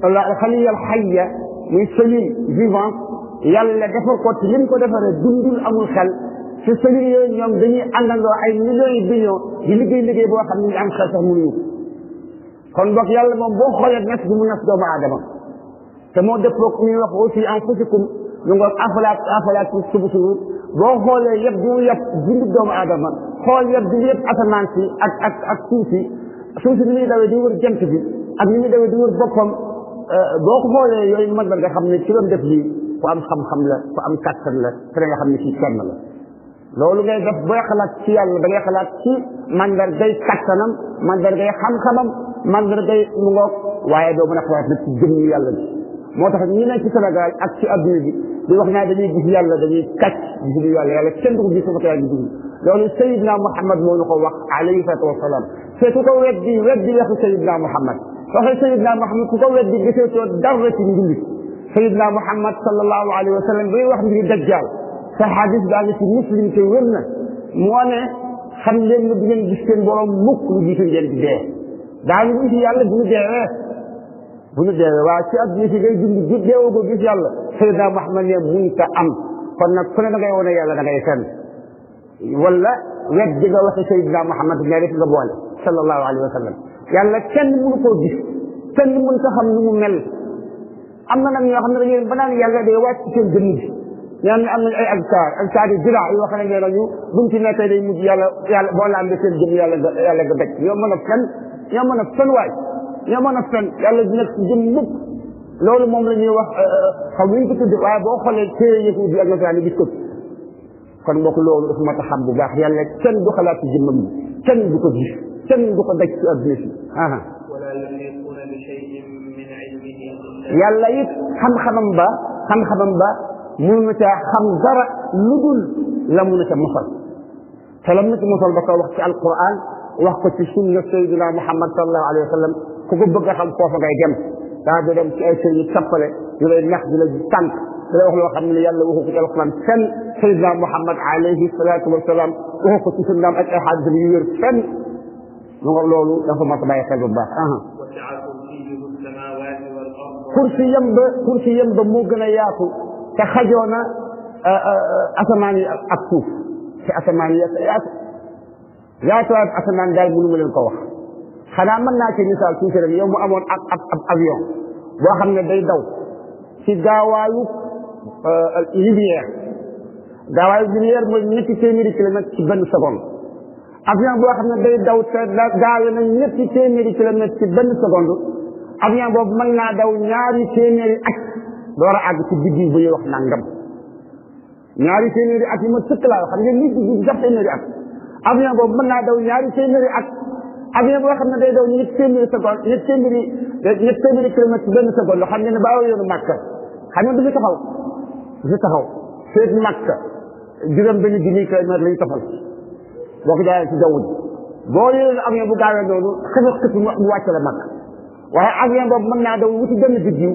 wala alxaliya alxaya muy cellule vivante yàlla defar ko ci lim ko defaree dundul amul xel te cellules yooyu ñoom di liggéey liggéey boo xam ne ñu kon boog yàlla xoolee nas bi mu nas doomu aadama moo dëppoo ku ñuy wax aussi anfusikum ñu ngi wax afalaat afalaat tubsiruun boo xoolee yëpp bi mu yëpp bindu doomu aadama xool yëpp bi yëpp asamaan ak ak ak suuf si suuf si ni muy dawee bi ak ni muy dawee di wër boppam euh, boo ko xoolee yooyu mën na nga xam ne ci doon def lii ku am xam-xam la ku am kàttan la te nga xam ne ci kenn la loolu ngay def booy xalaat ci yàlla da ngay xalaat ci mandargay kattanam mandargay xam-xamam mandargay mu ngoog waaye doo mën a xalaat nag ci na yàlla bi moo tax ñi ne ci Sénégal ak ci adduna bi di wax naa dañuy gis yàlla dañuy kàcc gisuñu yàlla yàlla kenn du ko gis sama yàlla gisuñu loolu Seydina Muhammad moo ñu ko wax alayhi salaatu wasalaam te ku ko weddi weddi waxu Seydina Muhammad waxe Seydina Muhammad ku ko weddi gisee soo dara ci njullit Seydina Muhammad sallallahu alayhi wa sallam buy wax mbiri dajjaal te xadis baa ngi ci muslim te wér na moo ne xam leen ne du ngeen gis seen borom mukk lu jiitu ngeen di dee daañu gis yàlla bu ñu deewee bu ñu deewee waaw ci àdduna si ngay dund ju deewoo ko gis yàlla Seydina Muhammad ne mun ta am kon nag ku ne da ngay wane yàlla da ngay fen wala wet di nga waxe Seydina Muhammad ne rek nga wa sallam yàlla kenn mënu koo gis kenn mënu ko xam nu mu mel am na nag ñoo xam ne dañu ba naan yàlla day wàcc seen gëmm ñaan am nañ ay azkar azkar yi dira yoo xam ne nañu buñ ci nekkee day mujj yàlla yàlla boo laam seen jëm yàlla nga yàlla nga daj ñoo mën a fen ñoo mën a fen waay ñoo mën a fen yàlla di nekk jëm mukk loolu moom la ñuy wax xam ñu ko tudd waaye boo xoolee téere yëfu bi ak nasaraan gis ko kon mbokk loolu dafa mat a xam bu baax yàlla kenn du xalaat ci jëmmam bi kenn du ko gis kenn du ko daj ci adduna si yàlla it xam-xamam ba xam-xamam ba mënu ca xam dara lu dul la mu ca mosal te lam na ci mosal da ko wax ci alquran wax ko ci sunna sayyidina muhammad sallallahu alayhi wa sallam ku ko bëgg a xam foofa ngay dem daa do dem ci ay sëriñ tappale yu lay nax di la tànk da lay wax loo xam ne yàlla waxu ko ci alquran fenn sayyidina muhammad alayhi salatu wasalam waxu ko ci sunnaam ak ay xaadisam yu wér fenn mu nga loolu dafa mat a bàyyi xel bu baax kursi yam ba kursi yam ba moo gën a yaatu te xajoo na euh, euh, asamaan yi ak suuf te asamaan yi yaatu yaatuwaat asamaan daal mënu ma leen ko wax xanaa mën naa ci misaal tuuti rek yow mu amoon ab ab ab avion boo xam ne day daw ci gaawaayu euh, lumière gaawaayu lumière mooy ñetti téeméeri kilomètre ci benn seconde avion boobu mën naa daw ñaari téeméeri at door a àgg ci biddiw bu ñuy wax nangam ñaari téeméeri at yi ma sëkk laa xam ngeen nit ñi sax téeméeri at avion boobu mën naa daw ñaari téeméeri at avion boo xam ne day daw ñetti téeméeri seconde ñetti téeméeri ñetti téeméeri xam ngeen ne baaw yoonu màkk xam ngeen du fi taxaw taxaw feet màkk juróom benn junni kilomètre lañu tafal boo ko jaayee ci jaww ji boo yoroon avion bu boobu mën naa daw wuti benn biddiw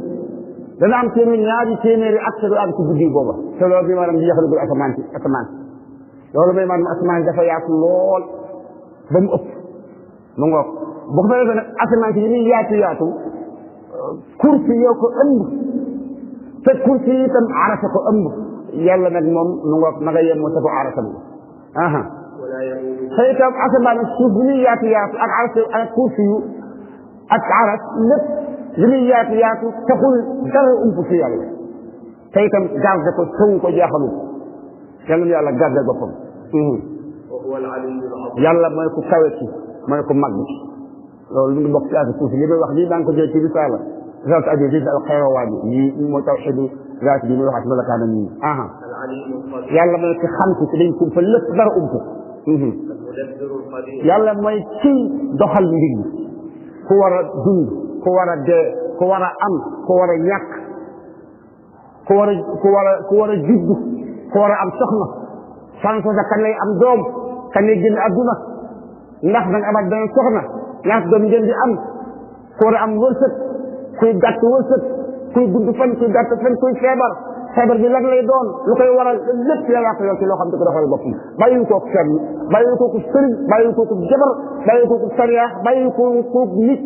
da am téeméer ñaari téeméeri ak te du am ci guddi booba te loolu bi maanaam di yaxalugul asamaan ci asamaan loolu mooy asamaan dafa yaatu lool ba mu ëpp mu ngoog bu ko defee nag asamaan si li muy yaatu yaatu kursi yoo ko ëmb te kursi nag moom mu ngoog ma nga yemoo ko arasam aha te itam asamaan yaatu yaatu ak aras ak ak aras lépp li muy yaatu yaatu taxul dara ump ci yàlla te itam garde ko tëwu ko jaaxalul yàlla yàlla garde boppam yàlla mooy ku kawe ci mooy ku mag ci loolu ngi bokk ci àgg suuf li may wax nii maa ngi ko jël ci risaala risaala aju di al xayrawaa bi ñii moo tawxidu zaat bi muy wax ak melokaanam ñii aha yàlla mooy ki xam ci dañ kumpa lépp dara ump yàlla mooy ci doxal mbir ku war a dund ku war a dee ku war a am ku war a ñàkk ku war a ku ku war a am soxna sànq sa kañ lay am doom kañ lay génn adduna ndax da nga amaat beneen soxna ñaata doom ngeen am ku war a am wërsëg kuy gàtt wërsëg kuy gudd fan kuy gàtt fan kuy feebar feebar bi lan lay doon lu koy waral lépp la yàq yoon ci loo xam ne ko defal boppam bàyyi ko ko sen bàyyi ko ko sëriñ bàyyi ko ko jabar bàyyi ko ko sariya bàyyi ko ko nit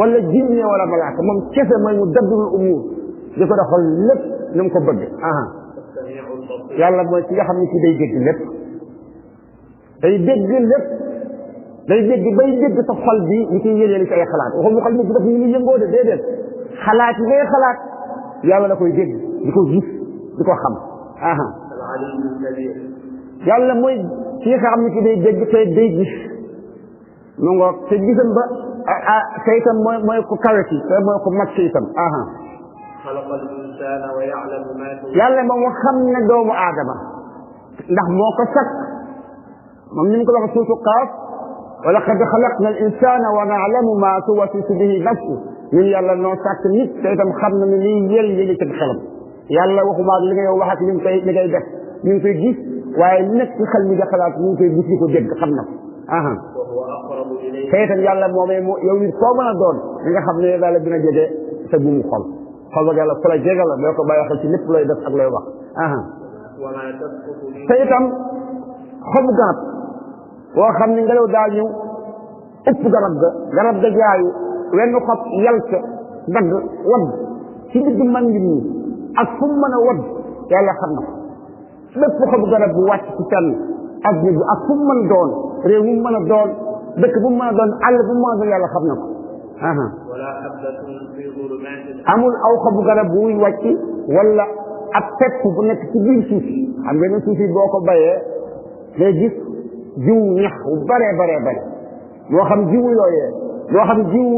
wala jinne wala malaaka moom kese mooy mu dabbirul umur di ko doxal lépp ni mu ko bëgg aha yàlla mooy ki nga xam ne ci day dégg lépp day dégg lépp day dégg bay dégg sa xol bi ñu koy yénee ci ay xalaat waxu xol nit ci daf ñu ngi yëngoo de déedéet xalaat yi ngay xalaat yàlla da koy dégg di ko gis di ko xam aha yàlla mooy ki nga xam ne ki day dégg tey day gis mu ngoog te gisam ba ah te itam mooy mooy ku kawe ki te mooy ku mag ki itam aha yàlla moom mu xam ne doomu aadama ndax moo ko sakk moom ni mu ko wax suutu kaaf ولقد خلقنا الإنسان ونعلم ما توسوس به نفسه من يلا نو ساك نيت تايتام خمنا لي يل يل تبخلم yàlla waxumaag li wax li nga koy li ngay def ñu ngi koy gis waaye nekk ci nga xalaat ñu ngi koy gis di ko dégg xam na ko aha te itam yàlla a doon li nga xam ne yàlla dina jege sa gumu xol xol ba yàlla ku la jege la doo ko bàyyi xel ci lépp looy def ak looy wax aha te itam xobu garab woo xam ne ngelaw daa ñëw ëpp garab ga garab ga jaayu wenn xob yal ca dagg wadd ci digg man ngi a fu mu mën a wadd yàlla xam na ko bépp xobu garab bu wàcc ci fenn ak bu ak fu mu mën doon réew mu mën a doon dëkk bu mu a doon àll bu mu a doon yàlla xam na ko amul aw xobu garab buy wàcc wala ab pepp bu nekk ci biir suuf xam nga ne suuf boo ko baye day jiw ñax bu baree baree bare yoo xam jiw yooyee loo xam ne jiw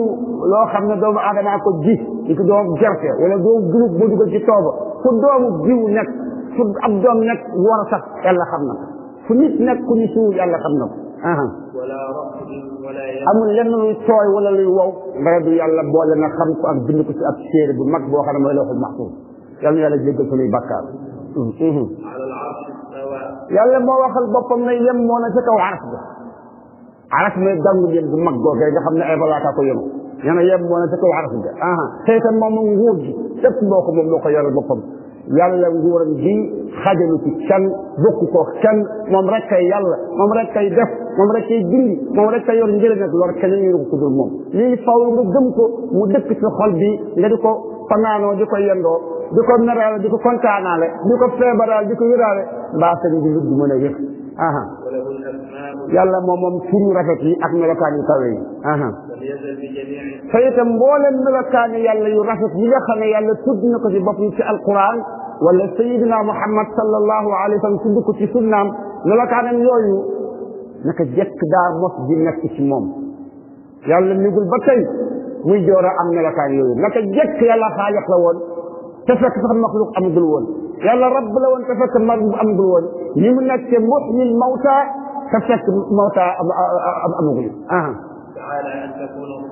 loo xam ne doomu aadama ko ji di ko doom gerte wala doom dugub ba dugal ci tooba fu doomu jiw nekk fu ab doom nekk war a sax yàlla xam na fu nit nekk ku ñu suul yàlla xam na ko amul lenn luy tooy wala luy wow dara du yàlla boole na xam ko ak bind ko ci ab téere bu mag boo xam ne mooy lawxul maxfuus yàlla na yàlla jéggal sunuy bàkkaar yàlla moo waxal boppam ne yem moo na ca kaw arsh ba aras mi jàngu jëm bu mag googee nga xam ne ay balaataa ko yëngu nee na yem moo ne ca kaw aras ga aha seytan moom nguur gi lépp moo ko moom moo ko yoral boppam yàlla nguuram gi xajalu ci kenn bokk ko kenn moom rek kay yàlla moom rek kay def moom rek kay dindi moom rek kay yor njëriñ ak ñu ko dul moom lii faw nga gëm ko mu dëkk ci xol bi nga di ko fanaanoo di ko yendoo di ko naraale di ko kontaanaale di ko feebaraale di ko wiraale mbaa seen bi lu du mën a aha yàlla moom moom suñu rafet yi ak melokaan yu kawe yi aha te itam mboolem melokaan yàlla yu rafet yi nga xam ne yàlla tudd na ko ci boppam ci alquran wala sayidina muhammad sallallahu alayhi wa sallam tudd ko ci sunnaam melokaanam yooyu naka jekk daa mos di nekk ci moom yàlla nigul ba tey muy joora am melokaan yooyu naka jekk yàlla xaaliq la woon تفك المخلوق أم دلول يا رب لو أنت فك المخلوق أم دلول يمنك محمي الموتى تفك موتى أم دلول تعالى أن تكون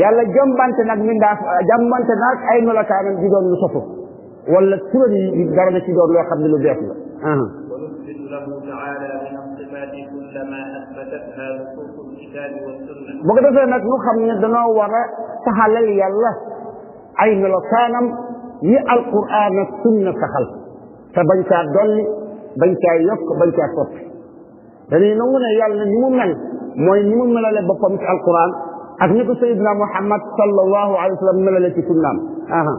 يا الله جنب أنت نجمين داف جنب أنت ناك اي لك أنا جدون نصفه ولا تري جرنا جدون لا خدم له بيأكله آه ونثبت له تعالى من الصفات كل ما أثبتتها نصوص الكتاب والسنة بقدر أنك نخم يدنا وراء تحلل يا الله أين لك أنا ni alquran ak sunna saxal te bañ caa dolli bañ caa yokk bañ caa soppi dañuy nangu ne yàlla ni mu mel mooy ni mu melale boppam ci alquran ak ni ko sayidina muhammad sallallahu alayhi wa sallam melale ci sunnaam aha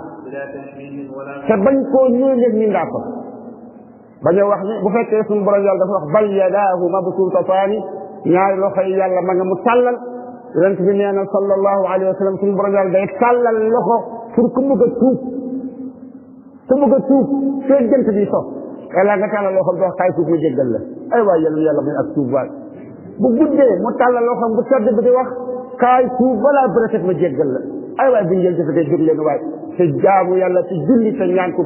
te bañ koo ñëw leen ni ndaa ko bañ a wax ne bu fekkee suñu borom yàlla dafa wax bal yadaahu mabsuutataani ñaari loxo yi yàlla ma nga mu sàllal yonent bi nee na sallallahu alayhi wa sallam suñu borom yàlla day sàllal loxo pour ku bëgg a tuub ku a tuub fee jant bi so yàlla nga tàllal loxo bi wax tuub mu jéggal la ay waay yàlla yàlla muy ak tuub waay bu guddee mu tàllal loxo bu sedd bi di wax kaay tuub balaa bëreset ma jéggal la ay waay biñu jël jëfete jóg leen waay te jaamu yàlla te julli te ñaan ko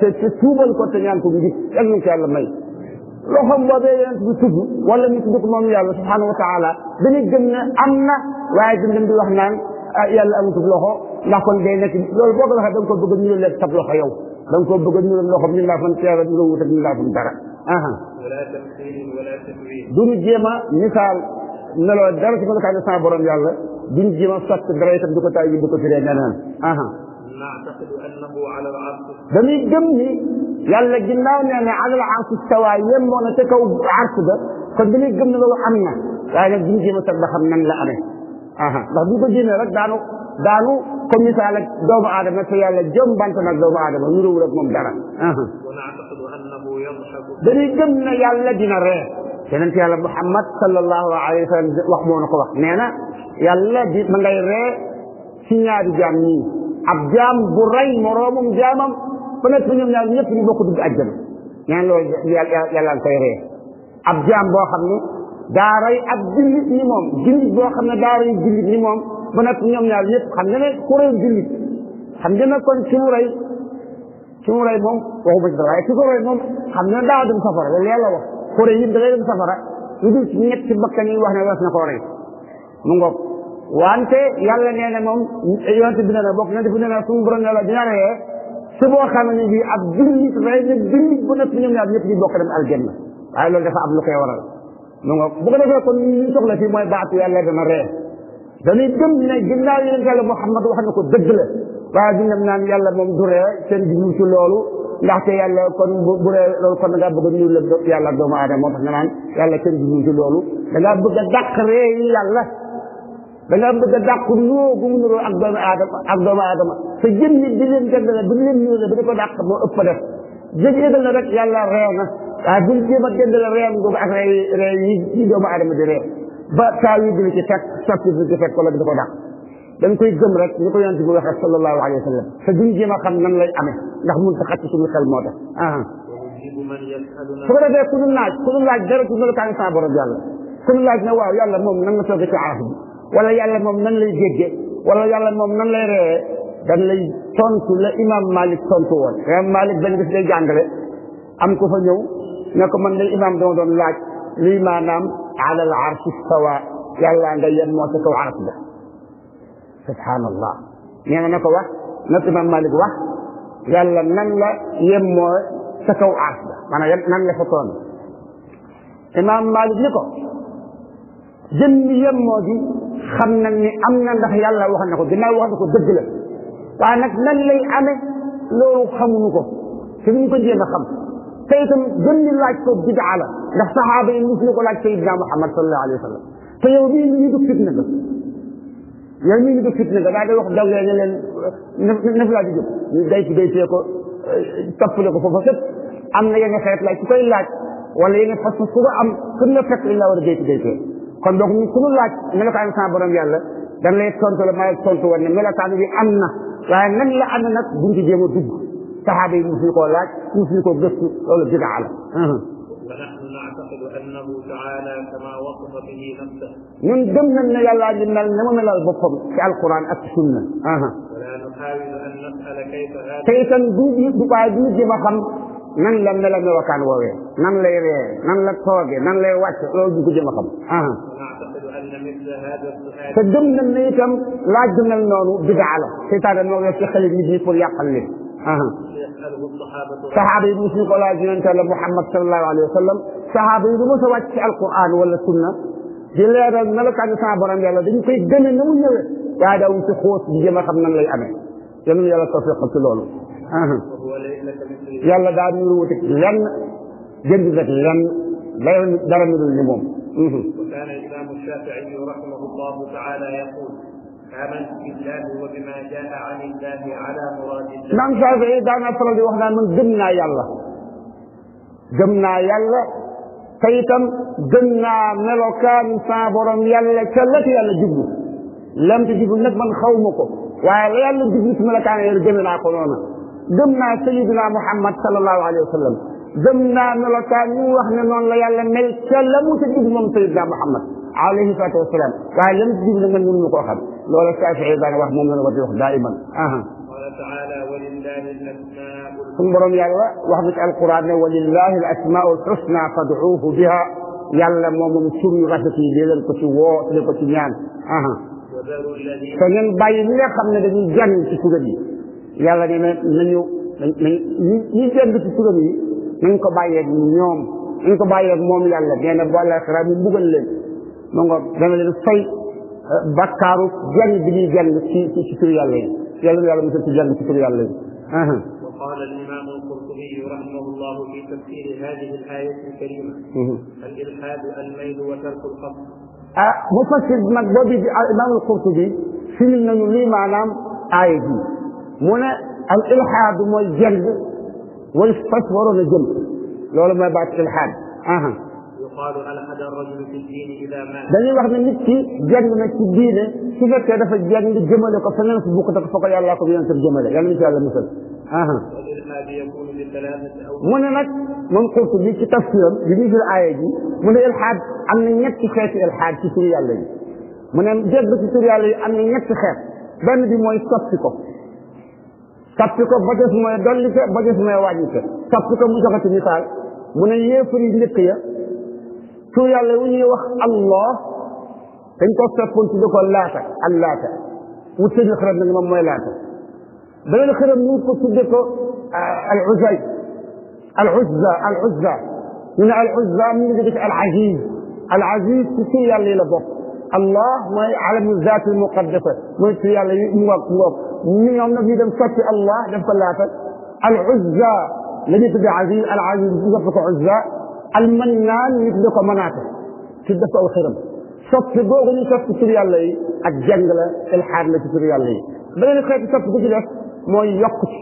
te te tuubal ko te ñaan ko njub yàlla ñu ko yàlla may loxoom boobee yonent bi tudd wala ñu tudd ko moom yàlla subhanahu wa taala dañuy gëm ne am na waaye dañ leen di wax naan ah, yàlla amatul loxo ndax kon da nga koo bëgg a ñu la loxoom ñu laafan teer ak nga wut ak ñu laafan dara aha duñu jéem a misaal neloo dara ci melokaani sa borom yàlla duñu jéem a sott dara itam du ko taay yi du ko firee neneen aha dañuy gëm ni yàlla ginnaaw nee na alal arsi stawaa yemoo na ca kaw ars ba kon dañuy gëm ne loolu am na waaye nag duñu jéem a sott ba xam nan la amee aha ndax bu ko jéemee rek daanu daanu comme misaal ak doomu aadama te yàlla jëm bant nag doomu aadama ñu rëwul ak moom dara dañuy gëm na yàlla dina ree yonent yàlla Muhammad sallallahu alayhi wa sallam wax moo na ko wax nee na yàlla di ma ngay ree ci ñaari jaam ñii ab jaam bu rey moroomum jaamam ba nekk ñoom ñaar ñëpp ñu bokk dugg àjjana nee na loolu yàlla nga koy ree ab jaam boo xam ne daa ab jullit ni moom jullit boo xam ne daa rey ni moom ba nag ñoom ñaar ñëpp xam nga ne ku rey xam nga ne kon ki mu rey ki mu rey moom waxuma ci dara waaye ki ko rey moom xam nga daa dem safara loolu yàlla wax ku rey nit da ngay dem safara lu dul ci ñett ci bakkan wax ne wees na koo rey mu wante yàlla nee na moom yonent bi nee na bokk na defu nee na suñu la dina reyee su boo xam ne bi ab jullit rey na jullit bu nekk ñoom ñaar ñëpp ñu bokk dem aljanna waaye loolu dafa am lu koy waral mu ngoog dañuy gëm ne ginnaaw yeneen yàlla muhammad wax na ko dëgg la waaye dina naan yàlla moom du ree seen jublu ci loolu ndaxte yàlla kon bu ree loolu kon da ngaa bëgg a ñuul lépp yàlla ak doomu aadama moo tax nga naan yàlla seen jublu ci loolu da ngaa bëgg a dàq ree yi yàlla da ngaa bëgg a dàq noo gu mu nuroo ak doomu aadama ak doomu aadama sa jëm yi di leen gëndale bi leen ñuule bi di ko dàq moo ëpp def jëgeedal na rek yàlla reew na waaye buñ jéem a gëndale reew googu ak reew yi reew yi doomu aadama di reew ba taal yi dina ci fekk soppi dina ci fekk wala dina ko dàq dañ koy gëm rek ñu ko yonent bi waxee sallallahu alayhi wa sallam te duñ jéem a xam nan lay amee ndax mun taxat ci suñu xel moo tax su ko defee ku ñu laaj ku ñu laaj dara ci melokaani sa borom yàlla ku ñu laaj ne waaw yàlla moom nan la toogee ci araf bi wala yàlla moom nan lay géggee wala yàlla moom nan lay reewee dañ lay tontu la imam malik tontu woon imam malik benn bis day jàngale am ko fa ñëw ne ko man lay imam dama doon laaj luy maanaam على العرش استوى يلا نجي موسك وعرف له سبحان الله يعني نكو واه نكو من مالك واه يلا ننلا يمو سكو عرف له معنى ننلا فطون إمام مالك نكو جن يمو دي خمنا ني أمنا ده يلا واه نكو دينا واه نكو دجلة وانك ننلا يأمي لو خمو نكو كم نكو دينا خمو te itam gën di laaj ko bidaa la ndax saxaaba yi mos na ko laaj sayidina Muhammad sallallahu alayhi wa sallam te yow mii nii du fitna ga yow mii nii du fitna ga daa day wax dawlee ne leen naf laa di jóg ñu day ci day tee ko euh, toppale ko foofa fépp am na yeneen xeet laaj ku koy laaj wala yeneen fas fas ku ko am ku la fekk li la war a day ci day tee kon donc ku nu laaj melokaan sa borom yàlla dañ lay tontu la may tontu woon ne melokaan bi am na waaye nan la amee nag buñ ci jéem a dugg الصحابي يفيق ولا يفيق بس ولا بدعة ونحن نعتقد انه تعالى كما وصف به نفسه من ضمن من لا البخم في القران السنه اها كيف نجيب يدك عزيز مخم من لم نلم وكان ووي من لا يري من لا توب من لا يوات لو جيب جي مخم اها فضمن النيتم لا جمل نونو بدعله شيطان نوغي في خليل نجيب أه. صحابي موسى قال جنت على محمد صلى الله عليه وسلم صحابي موسى وجه القرآن ولا السنة جل هذا الملك عن صحابة رضي الله عنهم في الدنيا نوية يا دوم تخوص بجمع خمن لي أمي جل يلا توفيق تلول أه. يلا دار من روتك لن جند لن لا دار من وكان الإمام الشافعي رحمه الله تعالى يقول آمنت بالله وبما جاء عن الله على مراد الله نعم شافعي إيه؟ دانا فرد وحنا من قمنا يلا قمنا يلا تيتم قمنا ملوكان صابرا يلا كلت يلا جبو لم تجيبوا نك من خومكم ولا يلا جبت ملكان يرجمنا قولنا قمنا سيدنا محمد صلى الله عليه وسلم قمنا ملوكان يوحنا نون يلا ملكان لم تجيبوا من سيدنا محمد عليه الصلاه والسلام قال لم تجب لنا من المقاخر لولا الشافعي بان واحد مؤمن وجهه دائما اها قال تعالى ولله الاسماء الحسنى انظروا يا الله واحد يسال القران ولله الاسماء الحسنى فادعوه بها يلا مؤمن شو يغسل في ليلة كتي و تلي كتي نيان اها فنن باين لي خمنا دني جان في كوغي يلا ني نيو ني جان في كوغي نكو باي نيوم نكو باي مؤمن يلا دينا بولا بوغل لي fay bi jàng ci ci ci yàlla yi yàlla yàlla ci jàng ci yàlla yi وقال الإمام القرطبي رحمه الله في تفسير هذه الآية الكريمة الإلحاد الميل وترك القصد أه، مفسر مقبوبي الإمام القرطبي في من لي معنام آية دي من الإلحاد والجلد والفصل ورد الجلد لولا ما بعد الإلحاد أها dañuy wax ne nit ki jàng na ci diine su fekkee dafa jàng jëmale ko feneen fu bukk ak fa ko yàlla ko yonent jëmale yàlla ni ci yàlla musal aha mu ne nag moom xurtu bi ci tafsiram bi ñu jël aaya ji mu ne ilhaad am na ñetti xeeti ilhaad ci tur yàlla yi mu ne jégg ci tur yàlla yi am na ñetti xeet benn bi mooy soppi ko soppi ko ba des mooy dollite ba des mooy wàññite soppi ko mu joxe ci misaal mu ne yéefar yi njëkk ya tur yàlla wu ñuy wax allah dañ ko soppoon tudde ko laata al laata wut seen xërëm nag moom mooy laata beneen xërëm ñu ko tudde ko al uzay al uzza al uzza ñu ne al uzza mi ngi ci al aziz al aziz ci tur yàlla yi la bokk allah mooy alamu zaati muqaddasa mooy tur yàlla yi mu ngoog ngoog ñu ñoom nag ñu dem soppi allah def ko laata al uzza la ñuy tudde aziz al aziz ñu ko uzza almannaan nit da ko manaate tudda ko aw xëram soppi googu ñu soppi tur yàlla yi ak jàng la ilxaar la ci tur yàlla yi beneen xeeti soppi bu ci def mooy yokk ci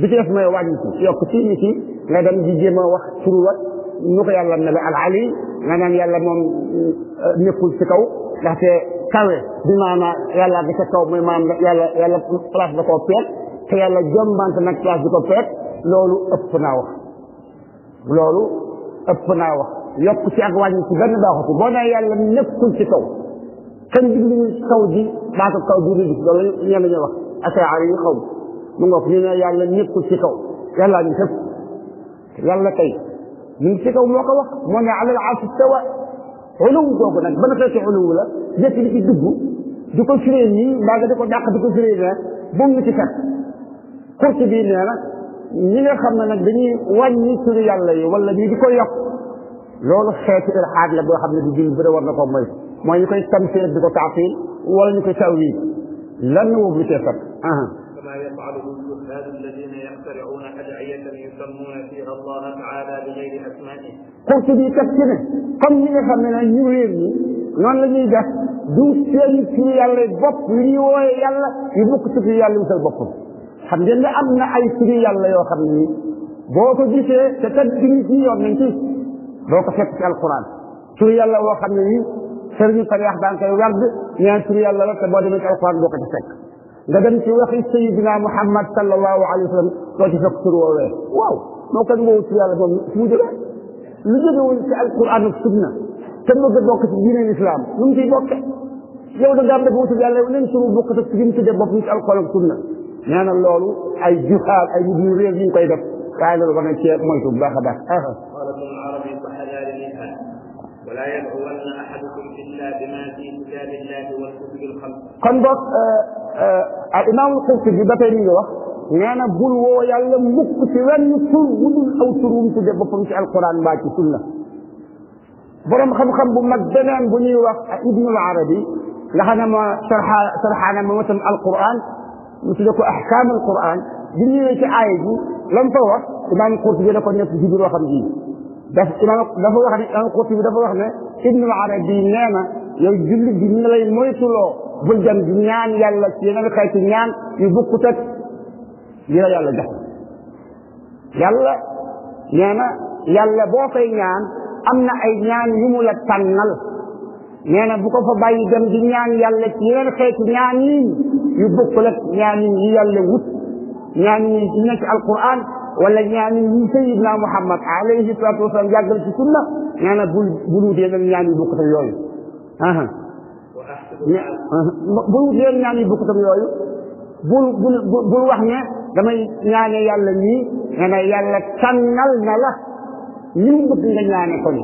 bi ci def mooy wàññi ci yokk ci ni ci nga dem di jéem a wax turu wat nu ko yàlla mele al ali nga naan yàlla moom nekkul ci kaw ndaxte kawe bi maanaa yàlla nga ca kaw mooy maam yàlla yàlla place da koo peet te yàlla jombante nag place di ko peet loolu ëpp naa wax loolu ëpp naa wax yokk ci ak wàññi ci benn baaxu ci boo nee yàlla nekkul ci kaw kenn jubluwul ci kaw ji baatu kaw ji di gis loolu ñenn ñi wax asaar yi xaw mu ngoog ñu ne yàlla nekkul ci kaw yàlla ñu fépp yàlla tey ñu ngi ci kaw moo ko wax moo ne alal arsi stawa uluw googu nag ba na fekkee uluw la jëkk di ci dugg di ko firee nii mbaa nga di ko dàq di ko firee ne bu mu ci fekk kurti bii nee ñi nga xam ne nag dañuy wàññi turu yàlla yi wala ñi di ko yokk loolu xeeti irxaad la boo xam ne di jullit bu ne war na ko moy mooy ñu koy tamsiir di ko taafiil wala ñu koy tawil lan la wóobu cee fat كما يفعله الزهاد الذين يخترعون أدعية يسمون فيها الله تعالى بغير أسمائه قلت لي كتنة قم من خمنا يريني نون لجي دف دو سيني في يالله بط يلي وي يالله يبقى تفي يالله مثل بطل xam ngeen ne am na ay turi yàlla yoo xam ne ni boo ko gisee te tadrij yi yoon nañ ci doo ko fekk ci alquran turi yàlla woo xam ne ni sëriñu tariax daan koy werd ñaan turi yàlla la te boo demee ci alquran doo ko ci fekk nga dem ci waxi sayidina muhammad sallallahu alayhi wa sallam doo ci fekk tur woowee waaw moo kan woowu turi yàlla moom fu mu jógee lu jógewul ci alquran ak sunna te bëgg bokk ci diineen islam lu mu ciy bokke yow da ngaa bëgg wutul yàlla yeneen turu bokk ak ci li mu tuddee bopp ci alquran ak sunna nee na loolu ay juxaal ay nit ñu réer ñu koy def waaye loolu war nañ cee moytu bu baax a baax. قال ابن العربي وحلال منها ولا يدعون احدكم الا بما في كتاب الله والكتب الخمس. kon boog الامام القرطبي ba tey ñu wax nee na bul woo yàlla mukk ci wenn tur bu dul aw tur wu mu tudde boppam ci alquran mbaa ci sunna borom xam-xam bu mag beneen bu ñuy wax ibnul arabi nga xam ne ma sarxa sarxaana ma watam alquran ñu tudde ko ahkaam al quran bi ñu ñëwee ci aaya ji lan fa wax imaam Qurtubi da ko nekk ci biir waxam ji dafa wax ne imaam Qurtubi dafa wax ne arabi nee na julli bi ñu lay moytuloo bul dem di ñaan yàlla ci yeneen xeeti ñaan yu bokkut ak la yàlla jox yàlla nee na yàlla boo koy am na ay ñaan yu mu la tànnal nee bu ko fa bàyyi dem ñaan yàlla ci yeneen xeeti ñaan yi yu bokkul ñaan yi yàlla wut ñaan yi dina ci alquran wala ñaan yi sayidna muhammad alayhi salatu wasalam yàggal ci sunna nee na bul bul wut yeneen ñaan yu ñaan yu bokkut yàlla nii nee na yàlla la li mu nga ñaane ko ni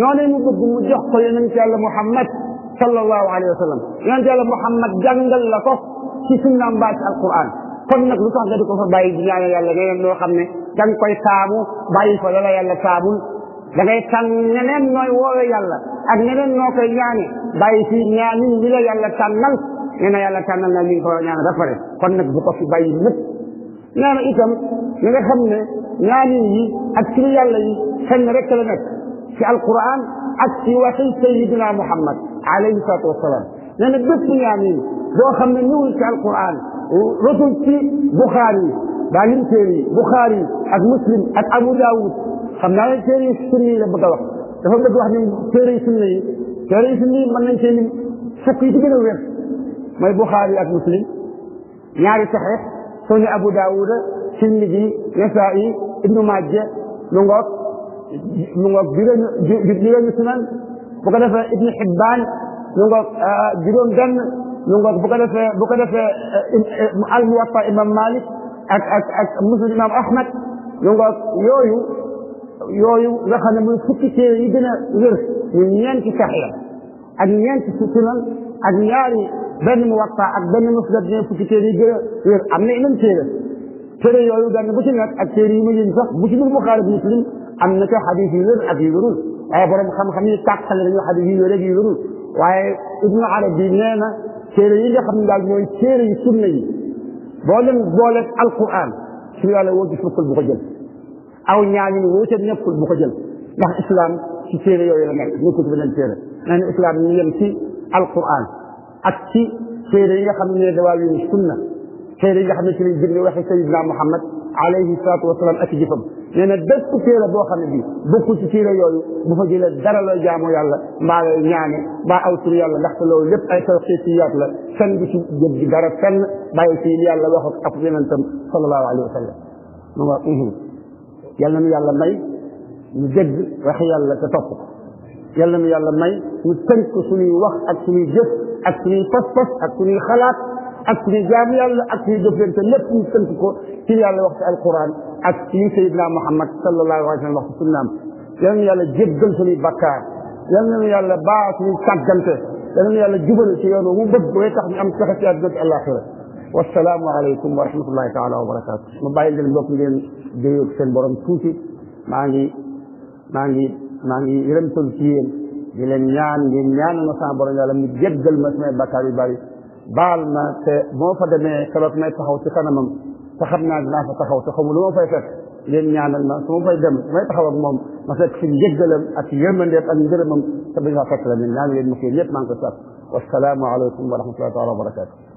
noonee mu bëgg mu jox ko yonent yàlla Muhammad sallallahu alayhi wa sallam yonent yàlla Muhammad jàngal la ko ci sunnaam baat ci alquran kon nag lu tax nga di ko fa bàyyi di ñaanal yàlla neneen loo xam ne da nga koy saamu bàyyi ko lala yàlla saamul da ngay tànn neneen nooy woowee yàlla ak neneen noo koy ñaane bàyyi fi ñaanin li la yàlla tànnal nee na yàlla tànnal na li nga ko ñaan rafare kon nag bu ko fi bàyyi mukk nee na itam li nga xam ne ñaanin yi ak turu yàlla yi xëy na rek la nekk في القرآن أكسي وحي سيدنا محمد عليه الصلاة والسلام لأن الدفن يعني بوخم من نوي في القرآن رسل في بخاري بعلم تيري بخاري حد مسلم حد أبو داود خمنا تيري سنة لبقى وقت تفهم لك واحد من تيري سنة تيري سنة من نشيني سقي تكنا وير ما بخاري حد مسلم يعني صحيح سني أبو داود سنة دي نسائي ابن ماجه نغط mu ngoog juróomi juróomi sunan bu ko defee ibnu xibbaan mu ngoog juróom benn mu ngoog bu ko defee bu ko defee al muwatta imam malik ak ak ak muslim imam ahmad mu ngoog yooyu yooyu nga xam ne muy fukki téere yi gën a wér muy ñeenti saxiya ak ñeenti sunan ak ñaari benn muwatta ak benn musnad ne fukki téere yi gën a wér am na yeneen téere téere yooyu benn bu ci nekk ak téere yi ma yéen sax bu ci mul buxaari muslim am na ca xadis yu wér ak yu wérul waaye borom xam-xam yi tàqal nañu xadis yu wér ak yu wérul waaye ibnu arabi nee na téere yi nga xam ne daal mooy téere yi sunna yi boo leen booleeg alquran su yàlla woo gis bokkul bu ko jël aw ñaani ñaañin wuute ñëppul bu ko jël ndax islam ci téere yooyu la nekk nekkul ci beneen téere nee na islam ñu yem ci alquran ak ci téere yi nga xam ne dawaa yu sunna téere yi nga xam ne ci lañ jënd waxi sayidna muhammad alayhi salatu wasalaam ak jëfam nee na bépp téere boo xam ne bi bokku ci téere yooyu bu fa jëlee dara looy jaamu yàlla mbaa lay ñaane mbaa aw tur yàlla ndaxte loolu lépp ay tawxiisiyaat la fenn du ci jëg gi dara fenn bàyyi ci yàlla wax ak ak yonentam sallallahu alayhi wa sallam mu nga yàlla nu yàlla may ñu dégg waxi yàlla te topp ko yàlla nu yàlla may ñu tënk suñuy wax ak suñuy jëf ak suñuy pas-pas ak suñuy xalaat ak suñu jaam yàlla ak suñu jëflante lépp ñu tënk ko ci yàlla wax ci alquran ak li sayidna muhammad sallallahu alayhi wa sallam wax ci sunnaam yal nañu yàlla jéggal suñuy bakkaar yal nañu yàlla baa suñuy sàggante yal nañu yàlla jubal ci yoon wu bëgg way tax ñu am pexe ci àdduna ci alaxira wasalaamu aleykum wa rahmatullahi taala wa barakaatu ma bàyyi leen mbokk ngeen jëyoog seen borom tuuti maa ngi maa ngi maa ngi yërëmtal ci yéen di leen ñaan ngeen ñaanal ma sama borom yàlla mu jéggal ma samay bakkaar yu bari baal ma te moo fa demee keroog may taxaw ci kanamam te xam naa dinaa fa taxaw te xamul lu ma fay fekk yéen ñaanal ma su ma fay dem may taxaw ak moom ma fekk fi njëggalam ak yërmandeem ak ngërëmam te bañ faa fekk la ñaan yéen ma kii yëpp maa ngi ko sàkk wasalaamu alaykum wa rahmatullahi taala wa barakatuh